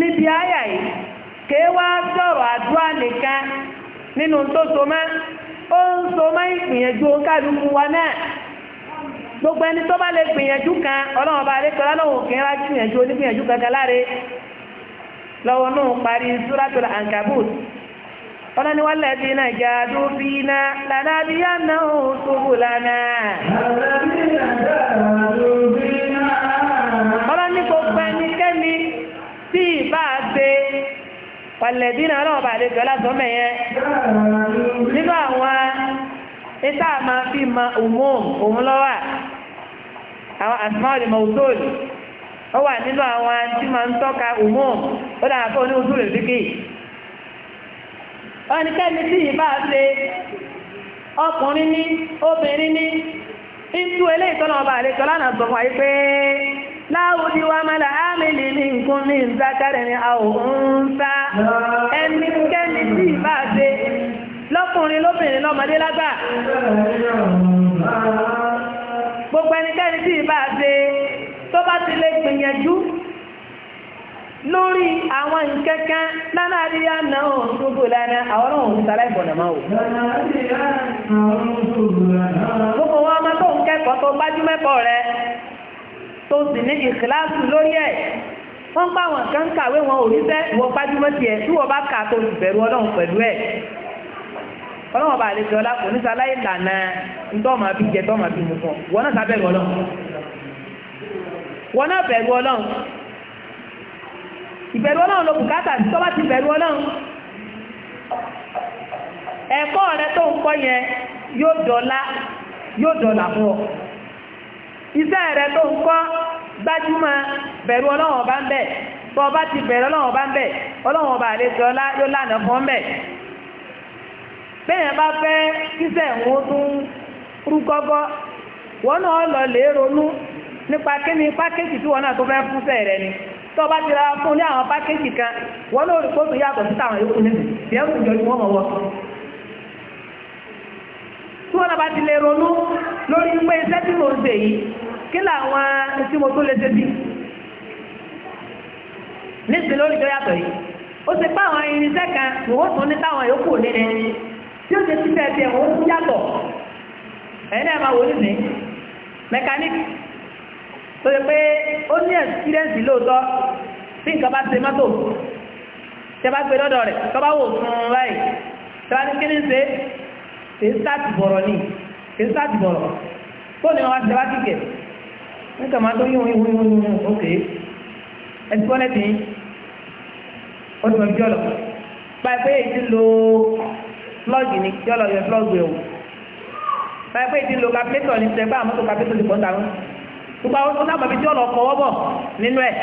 níbi àyà yìí kèé wá sọ̀rọ̀ àdúrà nìkan nínú tó so mọ́ ó ń so mọ́ ìgbìyànjú kálukú wa náà gbogbo ẹni tó bá lè gbìyànjú kan ọlọ́run bá lè tọ́lá lọ́wọ́ kí wá gbìyànjú onígbìyànjú kankan láre lọ́wọ́ náà parí Suratul Ankabut ọlọ́ni wọ́n lẹ́bí náà jàdú bí iná lànà bí náà ó ṣubú lánàá. pàlẹ́dínà ọlọ́ọ̀bà àlejò ọlásọ́mẹ̀ yẹn nínú àwọn ìta àmà fi ma umum òun lọ́wà àwọn asmaul mausul ó wà àwọn tí ma ń tọ́ka umum ó dára fún oní usul ìsìnkì ọ̀nìkẹ́ni tí ìbá ṣe ọkùnrin ní obìnrin ní ìtú àlejò lánàá láwùjọ wa ní nǹkan ní ìzákàrẹ̀ ní ẹnikẹ́ni tí ìbá ṣe lọ́kùnrin lóbìnrin lọ́mọdé lágbà gbogbo ẹnikẹ́ni tí ìbá ṣe tó bá ti lè gbìyànjú lórí àwọn nǹkankan lánàárí àná òun ṣúgbò lánà àwọn òun ti sàlẹ̀ ìbọ̀nà máa wò. gbogbo wọn ọmọ tó ń kẹ́kọ̀ọ́ tó gbájúmẹ́kọ̀ọ́ rẹ tó sì ní ìkìláàsù lórí ẹ̀ wọ́n pa wọn kan kàwé wọn ò níṣẹ́ ìwọ gbájúmọ́ ẹ̀ tí wọ́n bá kà tó bẹ̀rù ọlọ́run pẹ̀lú ẹ̀ ọlọ́run bá lè jọlá kò níṣẹ́ aláì lànà ntọ́mà bí jẹ tọ́mà bí mu fún wọn náà sábẹ̀rù ọlọ́run wọn náà bẹ̀rù ọlọ́run ìbẹ̀rù ọlọ́run ló tí tọ́ba ti bẹ̀rù ọlọ́run ẹ̀kọ́ rẹ iṣẹ́ rẹ̀ tó ń kọ́ gbájúmọ́ bẹ̀rù ọlọ́run ọba ń bẹ̀ tọ́ ti bẹ̀rù ọlọ́run ọba ń bẹ̀ ọlọ́run ọba àlejò ọlá yóò lànà ń bẹ̀ bá fẹ́ kíṣẹ́ ìwọ̀n tún ni pákéjì tí náà tó fẹ́ rẹ̀ ni bá ti ra fún ní àwọn pákéjì kan tí wọ́n bá ti lè ronú lórí pé iṣẹ́ tí mo ń ṣe yìí kí làwọn tí mo tó lè ṣe bí nísìnyí lórí tó yàtọ̀ yìí ó ti pa àwọn irinṣẹ́ kan ìwọ́n tún ní táwọn yòókù nílẹ̀ tí ó ti ti bẹ́ẹ̀ tiẹ̀ wọ́n tún yàtọ̀ ẹ̀yin náà máa wò ní sìn mẹkáníkì tó yẹ pé ó ní ẹ̀sìkírẹ́ǹsì lóòótọ́ bí nǹkan bá ṣe mọ́tò tẹ bá gbé lọ́dọ̀ rẹ̀ tọ́ bá wò fún un báyìí tẹ bá ní kí kìí sáàtì bọ̀rọ̀ ní kìí sáàtì bọ̀rọ̀ tó ní wọn ṣe láti kẹ̀ ní kàmá tó yíwọ̀n yíwọ̀n yíwọ̀n yíwọ̀n ókè ẹtì kọ́lẹ̀ tí ó ti mọ̀ bí ọ̀lọ̀ báyìí pé èyí ti lo plọ́ọ̀gì ní kí ọ̀lọ̀ yẹ plọ́ọ̀gì o báyìí pé èyí ti lo kápẹ́tọ̀ ní sẹ́gbà àmọ́tò kápẹ́tọ̀ ti pọ̀ ń tàwọn gbogbo àwọn tó sábà bí tí ọ̀lọ̀ kọ́wọ́ bọ̀ nínú ẹ̀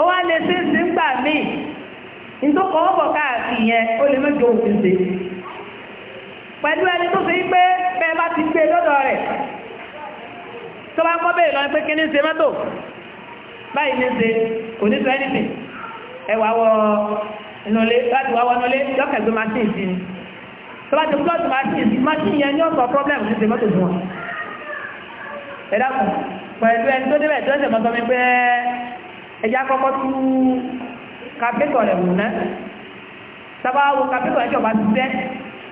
ó wá lè ṣe é ṣe ń gbà míì nítorí kọ́wọ́ bọ̀ káàkiri yẹn ó lè mẹ́jọ òfin ṣe pẹ̀lú ẹni tó fi pé bẹ́ẹ̀ bá ti gbé lọ́dọ̀ rẹ̀ tó bá kọ́ bèèrè lọ pé kí ní ṣe mọ́tò báyìí ní ṣe kò ní sọ ẹ́nìtì ẹwà wọ ìnulé láti wá wọnulé lọ́kẹ̀gbé machine sí ni tó bá ti plọ́tù machine sí machine yẹn ní ọ̀sọ̀ problem ní ṣe mọ́tò fún wọn ẹ̀dá kan pẹ̀lú ẹni tó débẹ̀ tó ẹsẹ̀ mọ́tọ́ rẹ̀ wù náà sábà wo ẹjọ́ bá ti tẹ́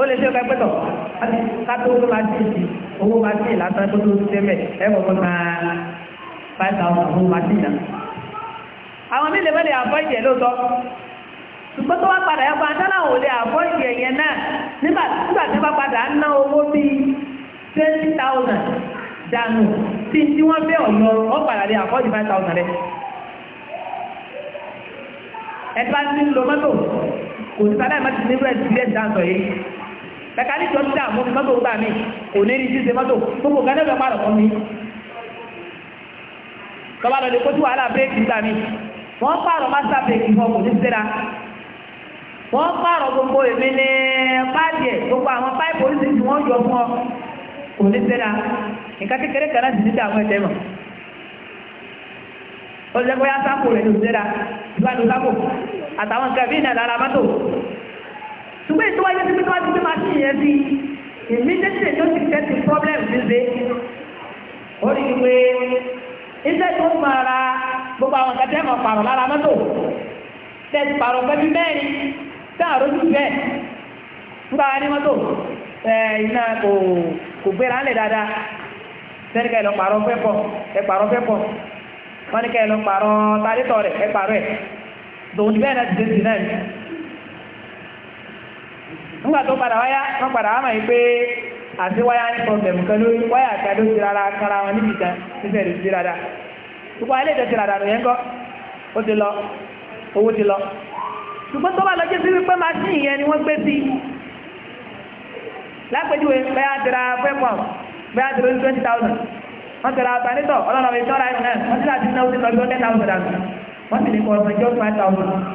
ó lè ṣe ọ̀gá pẹ́tọ̀ kátó owó máa ti ìdí owó tó tó ṣe mẹ́ five thousand owó máa ti ìdá. àwọn mílíọ̀nù mẹ́lẹ̀ àbọ̀ ìjẹ́ lóòótọ́ ṣùgbọ́n tó wá padà yẹ fún adáná ò lè yẹn náà nígbà tí wọ́n padà ná owó bíi twenty thousand dànù tí tí wọ́n bẹ́ ọ̀yọ́ wọ́n padà lè five thousand mẹkáníkì ọdún tí àmú mọ́tò ń gbà mí kò ní ní ṣíṣe mọ́tò gbogbo kan náà pààrọ̀ fún mi tọ́ba lọ lè kó tí wàhálà bírèkì gbà mí wọ́n pààrọ̀ master bírèkì fún ọkùnrin síra wọ́n pààrọ̀ gbogbo èmi ní páàdì ẹ̀ gbogbo àwọn páìpù oríṣiríṣi wọ́n yọ fún ọ kò ní síra nǹkan kékeré kan náà sì ní dààmú ẹ̀jẹ̀ mọ̀ ó lè jẹ́ pé yá sáàpù rẹ̀ ló síra ìbánu sáàpù àtàwọn nǹkan bí ṣùgbọ́n ètò wáyé tí wọ́n ti gbé machine yẹn bí immediately yóò ti tẹ́tí problem ṣíṣe ó rí i pé iṣẹ́ tó ń máa ra gbogbo àwọn kan tẹ́ mọ̀ pààrọ̀ lára mọ́tò tẹ́tí pààrọ̀ pẹ́ bí mẹ́rin tẹ́ àrójú bẹ́ẹ̀ nígbà wá ní mọ́tò iná kò kò gbéra ńlẹ̀ dáadáa sẹ́ni ká ẹ lọ pààrọ̀ fẹ́ pọ̀ ẹ pààrọ̀ fẹ́ pọ̀ wọ́n ní ká ẹ lọ pààrọ̀ tálítọ̀ rẹ̀ ẹ pààrọ̀ ẹ̀ tòun ti bẹ́ẹ̀ náà ti dé sí náà nígbà tó padà wáyá wọ́n padà wá mọ̀ yí pé àti wáyá ní pọ̀blẹ̀mù kan lórí wáyà ti rárá kára wọn níbi níbẹ̀ ti lọ owó ti lọ ṣùgbọ́n tó bá lọ jẹ́ sí wípé ni wọ́n gbé sí lápèjúwe bẹ́ẹ̀ àdìrà bẹ́ẹ̀ àdìrà ní twenty thousand wọ́n ọlọ́run ìtọ́ra ẹ̀ náà wọ́n ti ten thousand wọ́n ní kọ́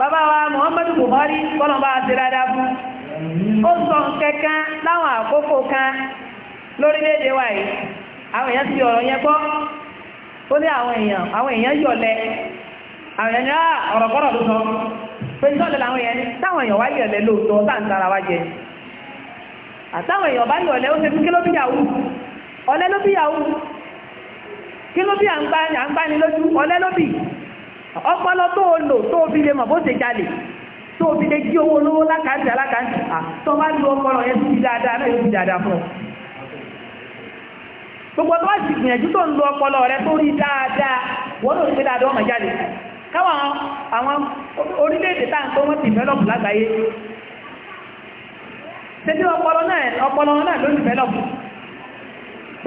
bàbá wa Muhammadu Buhari kọ́nà bá ti dáadáa fún ó sọ kẹ̀kẹ́ láwọn àkókò kan lórílẹ̀ wa yìí àwọn èèyàn ti ọ̀rọ̀ yẹn gbọ́ ó ní àwọn èèyàn àwọn èèyàn yọ̀lẹ̀ àwọn èèyàn ní ah, ọ̀rọ̀kọ́rọ̀ ló sọ pé sọ́ọ̀lẹ̀ làwọn èèyàn táwọn èèyàn wá yọ̀lẹ̀ lóòótọ́ táǹtara wá jẹ àtàwọn èèyàn bá yọ̀lẹ̀ ó ṣe fún kí ló bí yàwó ọ̀lẹ́ ló bí yàwó kí bí à ń gbani lójú ọ̀lẹ́ ló bí ọpọlọ tó o lò tó o fi lè mọ̀ bó ṣe jalè tó o fi lè jí owó olówó lákàájì alákàájì tó bá lo ọpọlọ yẹn sí dáadáa náà yóò gbogbo tó wá gbìyànjú tó ń lo ọpọlọ rẹ tó rí dáadáa wọ́n ń dáadáa ọmọ káwọn àwọn orílẹ̀-èdè táà ń tó wọ́n ti lágbàáyé ọpọlọ náà ọpọlọ náà ló ń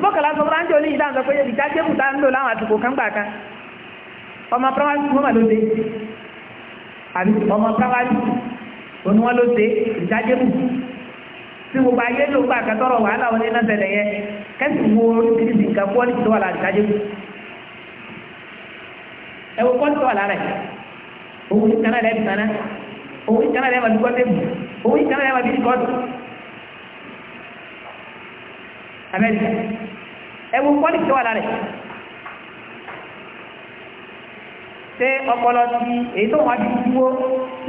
sọ fúnra ń jẹ́ oníyìí tá ń lò láwọn ọmọ primary school mọ́mà ló dé àbí ọmọ primary school òní wọ́n ló dé ìdájẹ́bù tí gbogbo ayé ló gbà kẹtọ́rọ̀ wàhálà wọn ní nàbẹ̀lẹ̀ yẹn kẹ́sì wo oríṣiríṣi nǹkan quality tó wà lára ìdájẹ́bù ẹ wo quality tó wà lára ẹ̀ òun ìkànnà rẹ̀ bìtànà òun ìkànnà rẹ̀ wà bí kọ́tẹ́bù òun ìkànnà rẹ̀ wà bí kọ́tù amẹ́ríkà ẹ wo quality tó wà lára ẹ̀ ṣé ọpọlọ ti èyí tó wọn ti dúró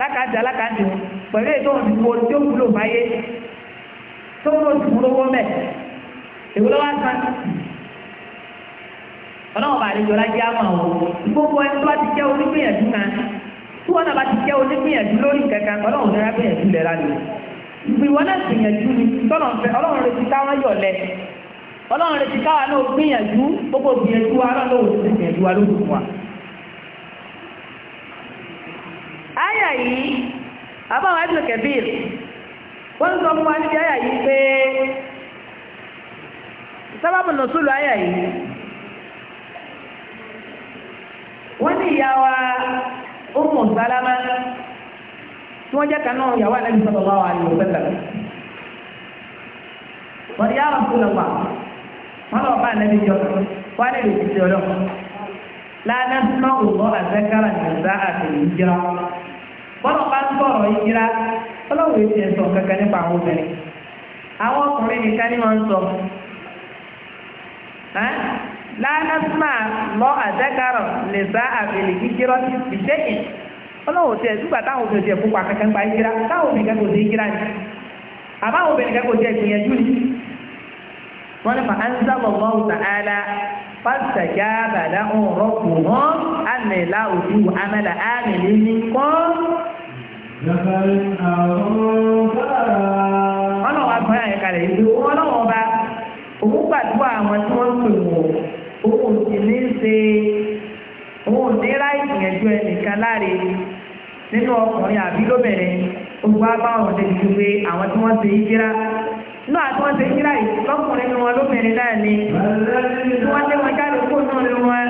lákàájà lákàájò pẹ̀lú èyí tó tí ó wúlò báyé tó wúlò sí wúlówó mẹ́ èwo wá san ọlọ́wọ́n bá àlejò àwọn gbogbo ẹni tó bá ti jẹ́ onígbìyànjú kan tí wọ́n náà bá ti jẹ́ onígbìyànjú lórí kankan gbìyànjú lẹ̀ lálẹ́ náà gbìyànjú ni ọlọ́run retí káwọn yọ̀ ọlọ́run retí káwọn àyà yìí àbáwọn ẹ̀dùn kẹ̀bíìr wọ́n sọ fún wa níbi àyà yìí pé sábàbù nùsùlù àyà yìí wọ́n ní ìyá wa Ummu Salama tí wọ́n jẹ́ kanú ìyàwó àlẹ́bí sọ̀rọ̀ wá wà ní òfẹ́sẹ̀ wọ́n ní yàrá sùn lọ́pàá wọ́n lọ́ọ́ bá àlẹ́bí jọ wọ́n lè lè ti ṣe ọlọ́run lánàá tí wọ́n wò wọ́n àzẹ́kára ní ìgbà àti ìjẹun bọ́lá bá ń sọ̀rọ̀ ìnira ọlọ́wọ́ èsì ẹ̀sọ̀ kankan nípa àwọn obìnrin àwọn ọkùnrin nìkan ni wọ́n ń sọ lánàtúmà lọ àdẹ́kàrọ̀ lè sá àbẹ̀lẹ̀ kíkírọ́ ìṣẹ́yìn ọlọ́wọ́ tẹ̀ nígbà táwọn obìnrin tẹ̀ fún pàkankan gba ìkíra táwọn obìnrin kò sí ìkíra ni àbáwọn obìnrin kò jẹ́ ìgbìyànjú ni wọ́n ní fa anzalọ́wọ́ فاستجاب لهم ربهم أن لا أضيع عمل عامل منكم ọlọ́wọ́ agbára yẹn kalẹ̀ yìí wọ́n ọlọ́wọ́ bá òun gbàdúrà àwọn tí wọ́n pè wọ́n òun ò sì ní ṣe òun ò ní ẹnìkan láre nínú ọkùnrin àbí lóbìnrin gbogbo abáwọn ọ̀dẹ́ ti pé àwọn tí wọ́n ṣe yí kíra náà tí wọ́n ṣe yí kíra yìí lọ́kùnrin ni wọn lóbìnrin náà ni tí wọ́n ṣe wọn al'amarin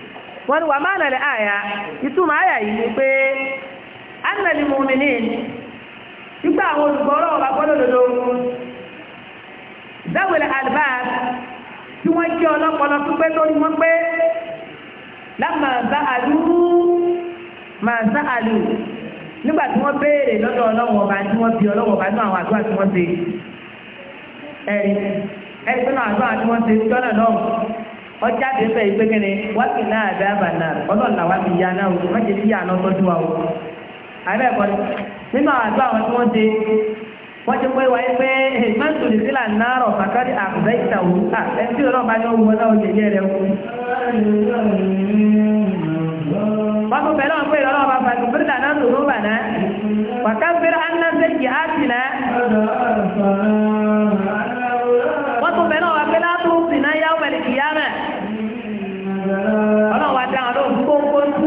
wọ́n ni wà máa nàlẹ̀ àyà ìtumọ̀ àyà yìí ni pé annali mọ̀mìnì nígbà àwọn olùgbọ́rọ̀ ọba gbọ́dọ̀ lọ́dọ̀ dáwẹ̀lẹ̀ àlùbá tí wọ́n jẹ́ ọlọ́pọlọ pípẹ́ lórí wọn pé lámàzá àlú màzá àlú nígbà tí wọ́n béèrè lọ́dọ̀ ọlọ́wọ̀ ọba tí wọ́n bí ọlọ́wọ̀ ọba náà àwọn àdúrà tí wọ́n ṣe ẹ̀rí ẹ̀rí pé náà àdúrà tí wọ́n ṣe jọ́nà náà ọjà dé bẹ́ẹ̀ yìí pé wá sí náà àbẹ́ àbànà ọlọ́ọ̀là wá mi ya náà o má jẹ́ níyà náà wa o. àbẹ́ ẹ̀kọ́ nínú àwọn àgbà wọn tí wọ́n ṣe wọ́n ti pé wáyé pé mẹ́tò lè sílà náà rọ̀ kàkárí àbẹ́ ìtàwó ẹni tí ọlọ́ọ̀bá yọ wọ náà jẹjẹ rẹ o. wọ́n tún bẹ̀rẹ̀ pé ọlọ́ọ̀bá fàtí bíríkà náà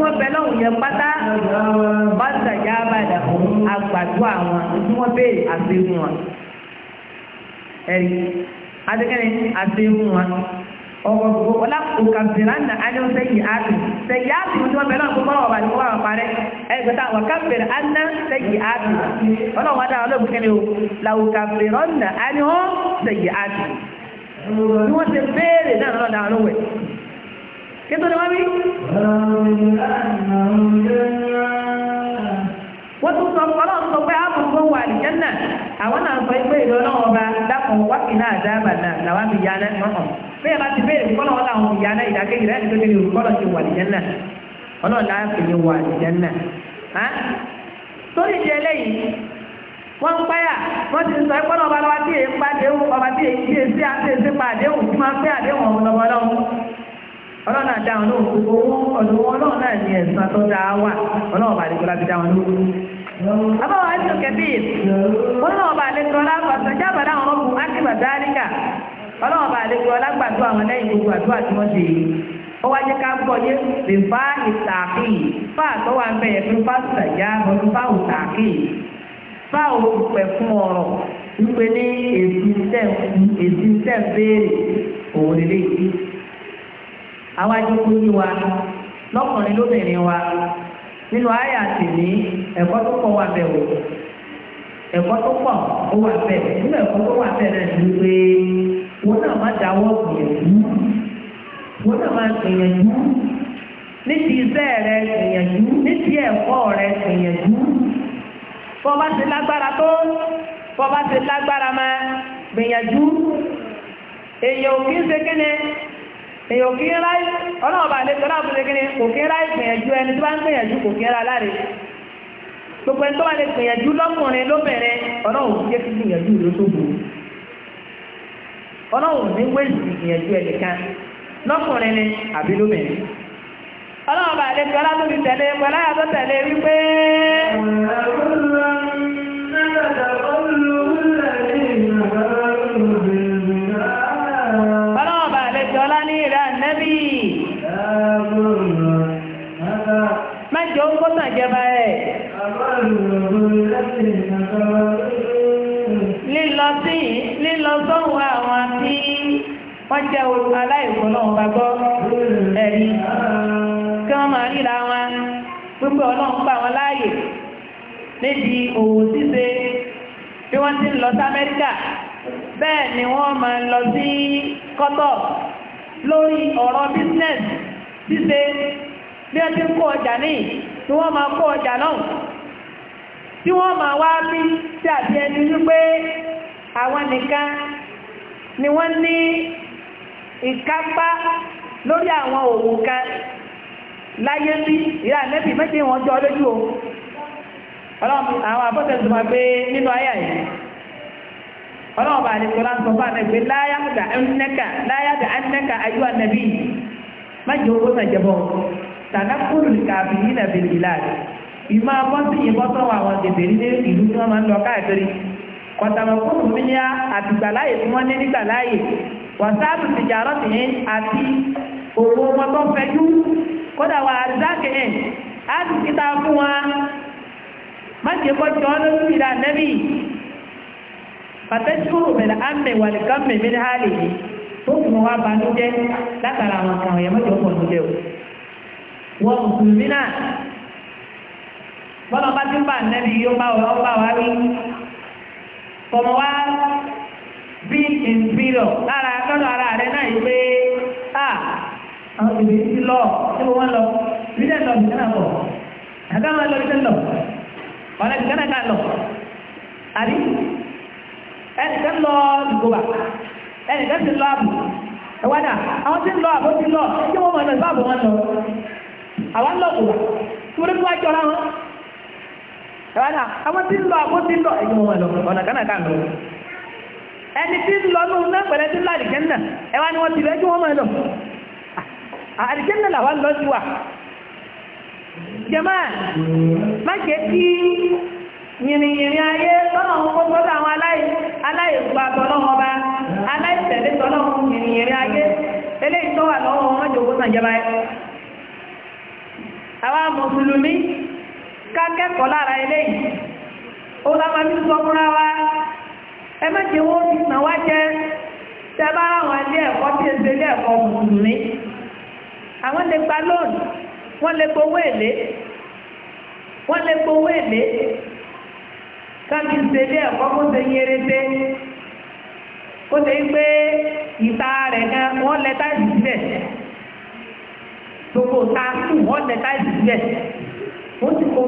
wọ́n bẹ lọ́hùn yẹn pátá bá ṣàjà àbàdà àgbàdo àwọn tí wọ́n béèrè àfihàn wọn. ẹ̀rí adékẹ́ni àfihàn wọn ọkọ̀ gbogbo ọlá òkàbìrán nà á ní ó sẹ́yìn áàtì sẹ́yìn áàtì tí wọ́n bẹ lọ́hùn gbogbo ọ̀bà ní wọ́n parẹ́ ẹgbẹ̀ta wà kàbìrán á ná sẹ́yìn áàtì ọlọ́wọ́ adá ọlọ́gbìn kẹ́ni o làwùkàbìrán nà á ní ó sẹ́yìn áàtì ni wọ́n ti béèrè náà lọ́dà ọlọ́wẹ̀ kí tó ní wá bí. wọ́n tún sọ ọlọ́run sọ pé àbùkù wà àlìjẹ́nà àwọn náà sọ pé ìlú ọlọ́run ọba dákun wákì náà dáàbà náà làwọn àbí ìyá náà mọ́kàn bẹ́ẹ̀ bá ti bẹ́ẹ̀ kọ́lọ̀ wọn làwọn ìyá náà ìdákejì rẹ̀ nítorí olùkọ́lọ̀ ti wà àlìjẹ́nà ọlọ́run láàfin ni wà àlìjẹ́nà torí di eléyìí wọ́n ń páyà wọ́n ti sọ ẹgbọ́n ọba lọ́wọ́ tí èyí ń pa àdéhùn ọba tí èyí ń ṣe sí àti èsì pa àdéhùn tí máa ń pẹ́ àdéhùn ọ̀hún lọ́wọ́lọ́wọ́ ọlọ́run náà dá wọn lóhùn gbogbo owó ọ̀dọ̀ wọn ọlọ́run náà ní ẹ̀sán tó dáa wà ọlọ́run bá dìgbò láti dá wọn lóhùn. àbáwọ̀ àti òkèbí ọlọ́run bá àlejò ọlágbàtọ̀ jábà láwọn ọkùn ákìbà dáríkà ọlọ́run bá àlejò ọlágbàtọ̀ àwọn lẹ́yìn gbogbo àdúrà tí wọ́n ṣe yìí ó wájú ká gbọ́ yé lè bá ìtàkì fáà tó wà ń bẹ̀yẹ̀ fún pásítà já ọdún fáwù tàkì fáwù pẹ̀ fún ọ̀rọ̀ wípé ní èsì tẹ̀ béèrè òun lè léyìí àwa jẹ́ kó yí wa lọ́kùnrin lóbìnrin wa nínú àyà sì ní ẹ̀kọ́ tó pọ̀ wà bẹ̀ wò ẹ̀kọ́ tó pọ̀ ó wà bẹ̀ nínú ẹ̀kọ́ tó wà bẹ̀ náà ni pé wọ́n náà má dáwọ́ gbìyànjú wọ́n náà má gbìyànjú ní ti iṣẹ́ rẹ gbìyànjú ní ti ẹ̀kọ́ rẹ gbìyànjú bọ́ ti lágbára tó bọ́ ti lágbára máa gbìyànjú èèyàn ò kí ń ṣe kéne èyàn kí ń ráì ọlọ́ọ̀bà lè tọ́lá fún ṣegíní kò kí ń ráì gbìyànjú ẹni tó bá ń gbìyànjú kò kí ń ra láre gbogbo ẹni tó bá lè gbìyànjú lọ́kùnrin lóbìnrin ọlọ́run jẹ́ kí gbìyànjú ló tó burú ọlọ́run wọ́n jẹ́ aláìsàn náà bá gbọ́ ẹ̀rí kí wọ́n máa ríra wọn pípé ọlọ́run pa wọn láàyè níbi òwò ṣíṣe bí wọ́n ti ń lọ sí amẹ́ríkà bẹ́ẹ̀ ni wọ́n máa ń lọ sí kọ́tọ̀ lórí ọ̀rọ̀ bísínẹ́sì ṣíṣe bí wọ́n ti ń kó ọjà níyì tí wọ́n máa kó ọjà náà tí wọ́n máa wá bí sí àti ẹni wípé àwọn nìkan ni wọ́n ní ìkápá lórí àwọn òwò kan láyé bí ìyá ànẹ́bì méjì wọn jọ lójú o àwọn àbọ̀tẹ̀ tó gbé nínú ayé yìí ọlọ́run bá àlejò láti sọ fún ànẹ́bì láyàgà ẹnẹ́kà láyàgà ẹnẹ́kà ayú ànẹ́bì méjì owó nàìjẹbọ tànàkùrù kàbí yìí nàbì ìlà ìmọ̀ abọ́sí ìbọ́ sọ́wọ́ àwọn gèbèrè ní ìlú tí wọ́n máa ń lọ káàkiri mi ní àtìgbàláyè tí wọ́n ní nígbàláyè wàtàbù tìjàrọ̀ tì hìn àti òwò wọn tó fẹjú kódà wà àrídáàkì hìn láti kíta fún wa máṣe kọ́ jọ lójú ìlà nẹ́bí pàtẹ́sùrù bẹ̀rẹ̀ àmì wàlìkà mẹ́mí ní hálì yìí tó kùn wá banújẹ́ látara àwọn kan ọ̀yẹ́ mọ́jọ́ pọ̀ o wọ́n náà bọ́lá bá ti ń bá nẹ́bí yóò bí ìbílọ̀ lára lọ́dọ̀ ara rẹ̀ náà yìí pé à ah, àwọn ìbí ti lọ tí mo wọ́n lọ bí dẹ́ lọ bí kánà bọ̀ àgbà máa lọ bí dẹ́ lọ ọ̀rẹ́ bí kánà ká lọ àbí ẹnìkan lọ ìgbòbà ẹnìkan ti lọ àbò ẹ̀wádà àwọn tí ń lọ àbò ti lọ tí wọ́n mọ̀ lọ ìbá àbò wọn lọ àwọn ń lọ ìgbòbà tí wọ́n lọ́wọ́ jọra wọn ẹ̀wádà àwọn tí ń lọ àbò ti lọ ẹ̀yìn wọn lọ ọ̀nà kánà ká lọ ẹni tí ń lọ ní ọ̀nà pẹ̀lẹ́ tí ń lọ àdìjẹ́nà ẹwà ni wọ́n ti rẹ́jú wọ́n mọ̀ lọ àdìjẹ́nà làwà lọ sí wà jẹ́mà má jẹ́ kí yìnrìnyìnrìn ayé tọ́nà ọkọ̀ tọ́lá àwọn aláìgbà tọ́lọ́ ọba aláìtẹ̀lé tọ́lọ́ yìnrìnyìnrìn ayé eléyìí tó wà lọ́wọ́ wọn jòkó sàn jẹba ẹ àwa mùsùlùmí ká kẹ́kọ̀ọ́ lára eléyìí ó lábàá ní sọ ẹ má wọ́n ti sàn wá jẹ́ tẹ́bá àwọn ilé ẹ̀kọ́ tí ń ilé ẹ̀kọ́ mùsùlùmí àwọn lè gba lóònù wọ́n lè gbowó èlé wọ́n lè gbowó èlé káàkiri ṣe ilé ẹ̀kọ́ kó ṣe yérété kó ṣe pé ìta rẹ̀ gan wọ́n lẹ sílẹ̀ gbogbo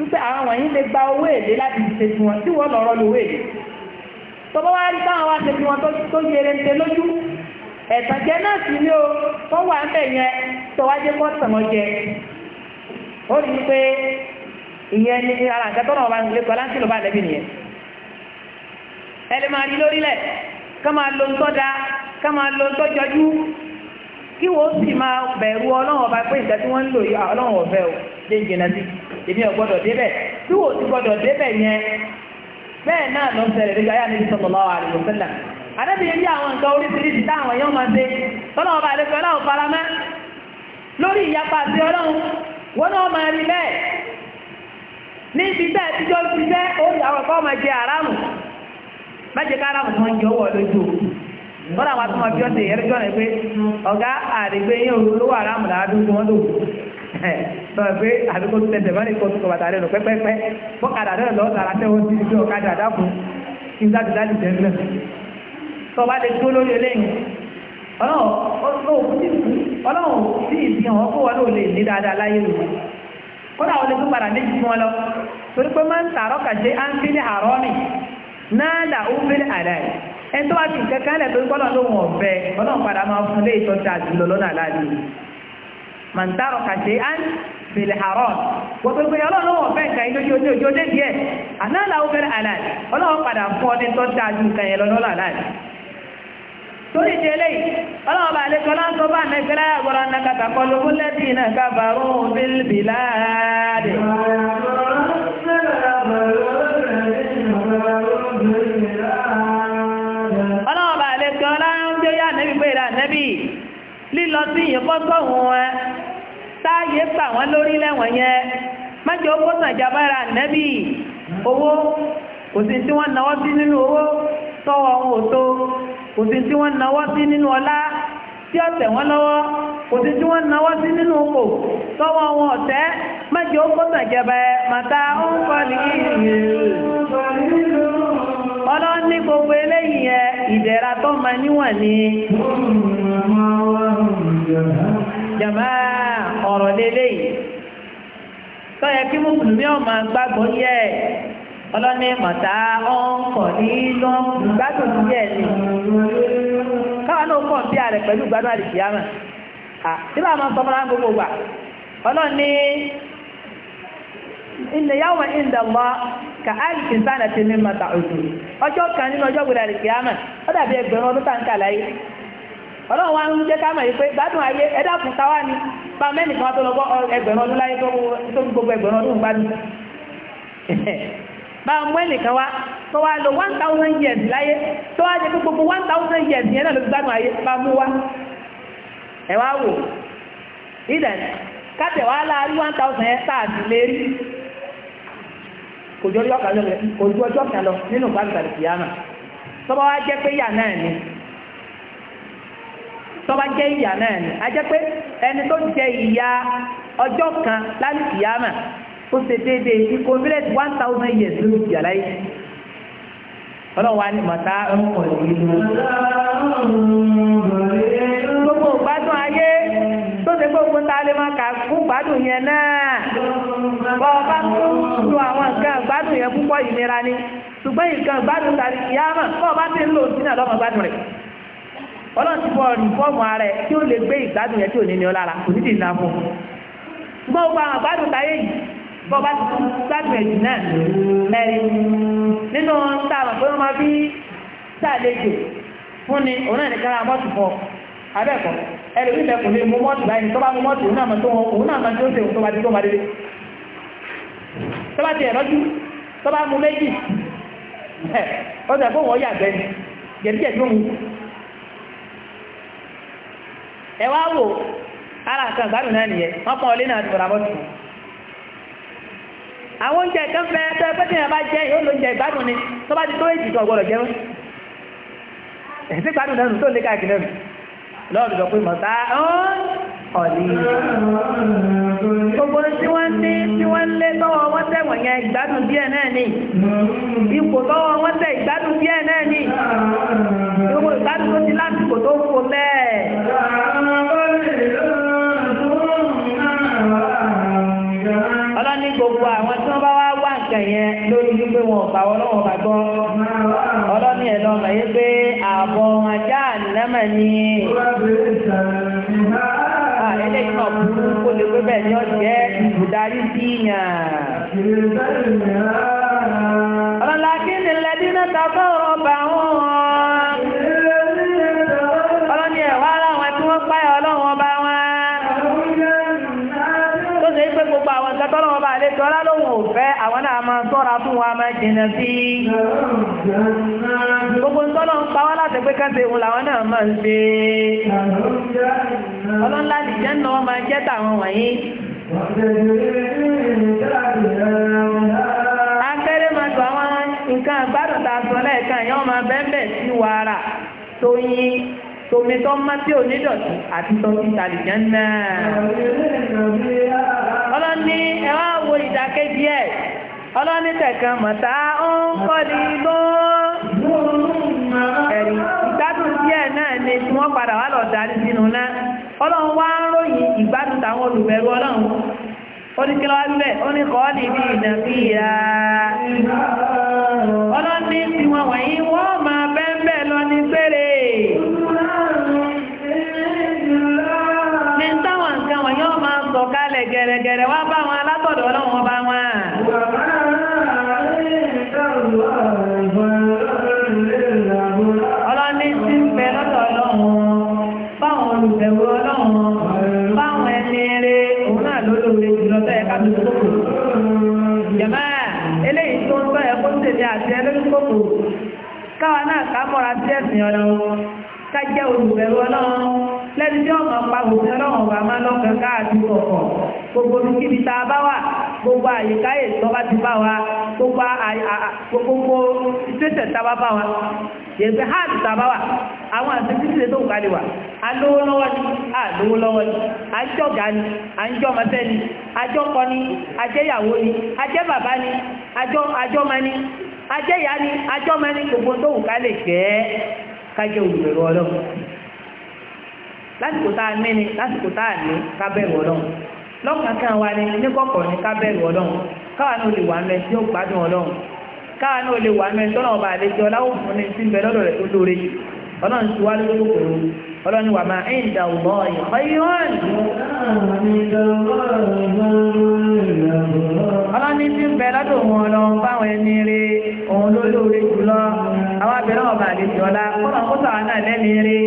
wípé àwọn wọ̀nyí lè gba owó èlé láti ṣe fún wọn tí wọ́n lọ́rọ́ lówó èlé tọ́bọ́ wá rí táwọn wá ṣe fún wọn tó yẹrẹ ń tẹ lójú ẹ̀tànjẹ náà sì ní o tó wà ń bẹ̀ yẹn tó wá jẹ́ kọ́sàn ọjẹ́ ó rí pé ìyẹn ní ara nǹkan tó náà bá ń lè kọ́ láńkì ló bá lẹ́bí nìyẹn ẹlẹ́mà rí lórílẹ̀ ká máa lo ńtọ́ da ká máa lo ńtọ́ jọjú kí wọ́n sì máa bẹ̀rù ọlọ́run ọba pé ìtẹ́tí wọ́n ń lò yìí ọlọ́run ọ̀fẹ́ o lè jìnà sí i èmi ò gbọ́dọ̀ débẹ̀ tí wò ti gbọ́dọ̀ débẹ̀ yẹn bẹ́ẹ̀ náà lọ sẹ̀rẹ̀ nígbà yà níbi sallallahu alaihi wasallam àdẹ́bìyẹ ní àwọn nǹkan oríṣiríṣi táwọn èèyàn máa ṣe ọba lórí ìyapa sí ọlọ́run wọn náà máa rí bẹ́ẹ̀ níbi bẹ́ẹ̀ ti bẹ́ orí àwọn ọmọ jẹ àrámù mẹ́jẹ tó ń jẹ owó sọ̀rọ̀ pé àdúgbò tó tẹ̀sẹ̀ mọ́ni kò tó bàtà rẹ̀ lọ pẹ́pẹ́pẹ́ bọ́kadà náà lọ sàrà tẹ́wọ́ sí ibi ọ̀kadà dákun kí n sáti láti jẹun náà sọ bá lè dúró lórí eléyìí ọlọ́run tí ìfihàn wọn kó wọn ló lè ní dáadáa láyé rẹ̀ kódà wọn lè tún padà méjì fún wọn lọ torí pé máa ń ń náà là ó ń fi màntàrọ kàṣe án fèlè haram gbogbo ìyá ọlọ́run wọ̀ fẹ́ nǹkan ilé ojú ojú ojú díẹ̀ àná làwọn fẹ́rẹ̀ àlàyé ọlọ́run padà fún ọ ní tó dáa ju nǹkan yẹn lọ lọ́la àlàyé torí ti eléyìí ọlọ́run bá àlejò ọlọ́sọ bá lílọ sí ìyìnbọn sọ̀hún ẹ táàyè pa wọn lórí lẹ́wọ̀n yẹn mẹ́jọ owó sàn jábára owó kò sí tí wọ́n náwó sí nínú owó tọ́wọ́ ohun òtó kò sí tí wọ́n náwó sí nínú ọlá tí ọ̀tẹ̀ wọn lọ́wọ́ kò sí tí wọ́n náwó sí nínú oko ohun ọ̀tẹ́ mẹ́jọ owó màtá ó ń kọ́ ìdẹ̀ra tó ma níwọ̀n ní jàmá ọ̀rọ̀ lélẹ̀ yìí tó yẹ kí mùsùlùmí ọmọ yẹ ọlọ́ni mọ̀tá ọ̀nkọ̀ ní lọ́n gbádùn díẹ̀ ni káwọn náà kọ̀ bí ààrẹ pẹ̀lú gbádùn bá a máa sọ gbogbo inna yawma inda Allah ka alfi sanati mimma ta'udun ọjọ́ kan nínú ọjọ́ gbọdọ̀ àlè kìámà ó dàbí ẹgbẹ̀rún ọdún tá ń kà láyé ọlọ́run wa ń jẹ́ ká mọ̀ yìí pé gbádùn ayé ẹ̀dá ni mẹ́rin kan tó lọ́gbọ́ ẹgbẹ̀rún ọdún láyé tó gbogbo kò jọ ọjọ́ kan lọ kò ju ọjọ́ kan lọ nínú gbàgbàgbà kìyàmà tọ́ba wa jẹ́ pé ìyà náà ni tọ́ba jẹ́ ìyà náà ni a jẹ́ pé ẹni tó jẹ ìyà ọjọ́ kan láti kìyàmà ó ṣe déédéé ikọ̀ mílẹ̀ one thousand years ló ti yàrá yìí ọlọ́run wa ni mọ̀tá ń pọ̀ sí i. gbogbo ìgbádùn ayé tó ṣe gbogbo ta fún gbádùn yẹn náà bọ́ tó lo àwọn nǹkan gbádùn yẹn púpọ̀ ìnira ni ṣùgbọ́n nǹkan gbádùn tàbí ìyáàmà bọ́ ọba ti ń lò sí náà lọ́mọ gbé ìgbádùn yẹn tí ò ọ lára kò ní fún àwọn táyé yìí ti gbádùn ẹ̀jù náà ẹ̀rí nínú táàmù pé wọ́n máa fi sàlejò fún ni òun náà mọ́tò fọ E ìfẹ́ kò lè mú mọ́tì báyìí tó bá mú mọ́tì òun náà mọ́ tó wọn òun òun tó bá ti tó tó bá mú méjì ó ni tó mú ẹ wá wò ara náà wọ́n pọ̀ náà àwọn oúnjẹ fẹ́ tó ẹgbẹ́ tí wọ́n bá jẹ́ ni tó lọ́ọ̀dù sọ pé mọ̀tá ọ̀lì gbogbo tí wọ́n ní tí wọ́n lé tọ́wọ́ wọ́n tẹ̀wọ̀n yẹn ìgbádùn díẹ̀ náà ni ipò tọ́wọ́ wọ́n tẹ̀ ìgbádùn díẹ̀ náà ni gbogbo ìgbádùn tó ti lásìkò tó fò bẹ́ẹ̀. ọlọ́ni gbogbo àwọn tí wọ́n bá wá wá nǹkan yẹn lórí wípé wọn ò bá bá gbọ́ lọ mọ̀ yí pé ààbọ̀ wọn já ànámà ní ẹlẹ́yìn náà burú kó lè pé bẹ́ẹ̀ ni ọ̀jẹ́ ìbùdarí sí yàn. sọ́ra fún wa máa jìnà sí gbogbo tọ́lọ ń pa wá láti pé káṣe òun làwọn náà máa ń ṣe ọlọ́nlá nìjẹ́ náà wọ́n máa jẹ́ tàwọn wọ̀nyí akẹ́rẹ́ máa tọ àwọn nǹkan àgbádùn tá a sọ lẹ́ẹ̀kan yẹn wọ́n máa bẹ́ẹ̀ sí wàrà tó yín tomi tó má tí ò ní dọ̀tí àti tó ti tàlìjẹ́ náà ọlọ́ni ẹ wá wo ìdákẹ́jì ẹ̀ ọlọ́nítẹ̀ kan mọ̀tá ó ń kọ́lé igbó ẹ̀rí ìgbádùn díẹ̀ náà ni tí wọ́n padà wà lọ darí sínú náà ọlọ́run wá ń ròyìn ìgbádùn táwọn olùbẹ̀rù ọlọ́run ó ní kí lọ́wọ́ bẹ́ẹ̀ ó òfin ọlọ́run kájẹ́ olùbẹ̀rù ọlọ́run lẹ́ni tí ọmọ pa ọlọ́run wà máa lọ́kàn káàkiri ọ̀kọ̀ gbogbo níbi tá bá wà gbogbo àyíká ètò ọba ti bá wa gbogbo ìtẹ́sẹ̀ a bá wa yẹ̀gbẹ́ wà àwọn tó wà ni kájẹ́ olùbẹ̀rù ọlọ́run lásìkò tá a ní ni lásìkò tá a ní ká bẹ̀rù ọlọ́run lọ́kànkán wa ni nígbọ̀kọ̀ ní ká bẹ̀rù ọlọ́run káwa náà lè wà ń bẹ tí ó gbádùn ọlọ́run káwa náà lè wà ń tọ́nà ọba àlejò ọláwò fún ní sí ń rẹ̀ tó lóore ọlọ́run ti wá lórí kòkòrò ọlọ́run wà máa ń da ọ̀gbọ́ ìkọ́ ọlọ́run ti ń bẹ lọ́dọ̀ wọn lọ báwọn ẹni rí òun ló lóore jùlọ àwọn abẹ́rẹ́ ọba àlejò ọlá kọ́nà kó sàwọn náà lẹ́ni rí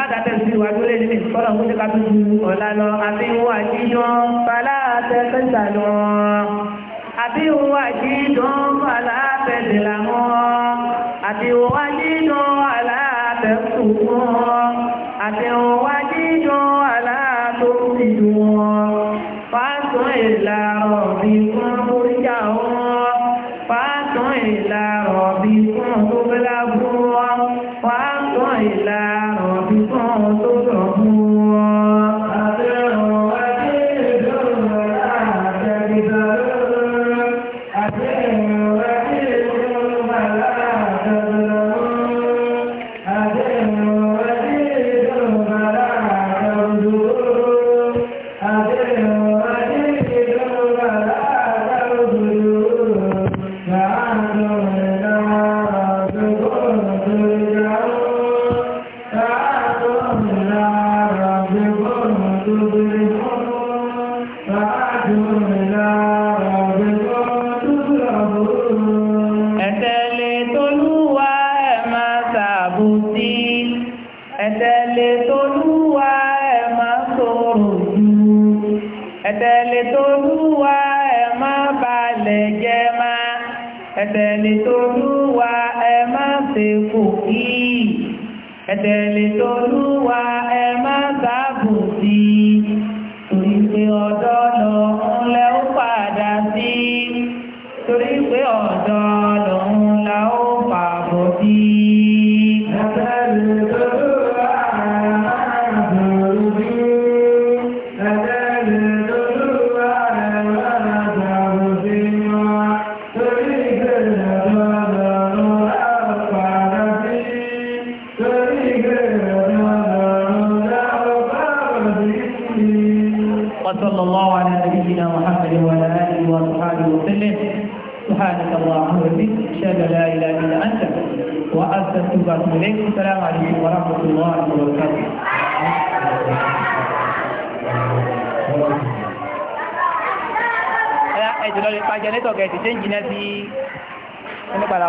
ká tó ju ọ̀la lọ àti ìwọ àjíjọ́ Fálá tẹ́fẹ́ sàlọ́ àbí wájú dùn alábẹ̀lẹ̀ làwọn àbí wájú dùn alábẹ̀kùn wọn. de kẹ̀ tètè jìnnà sí ẹni padà.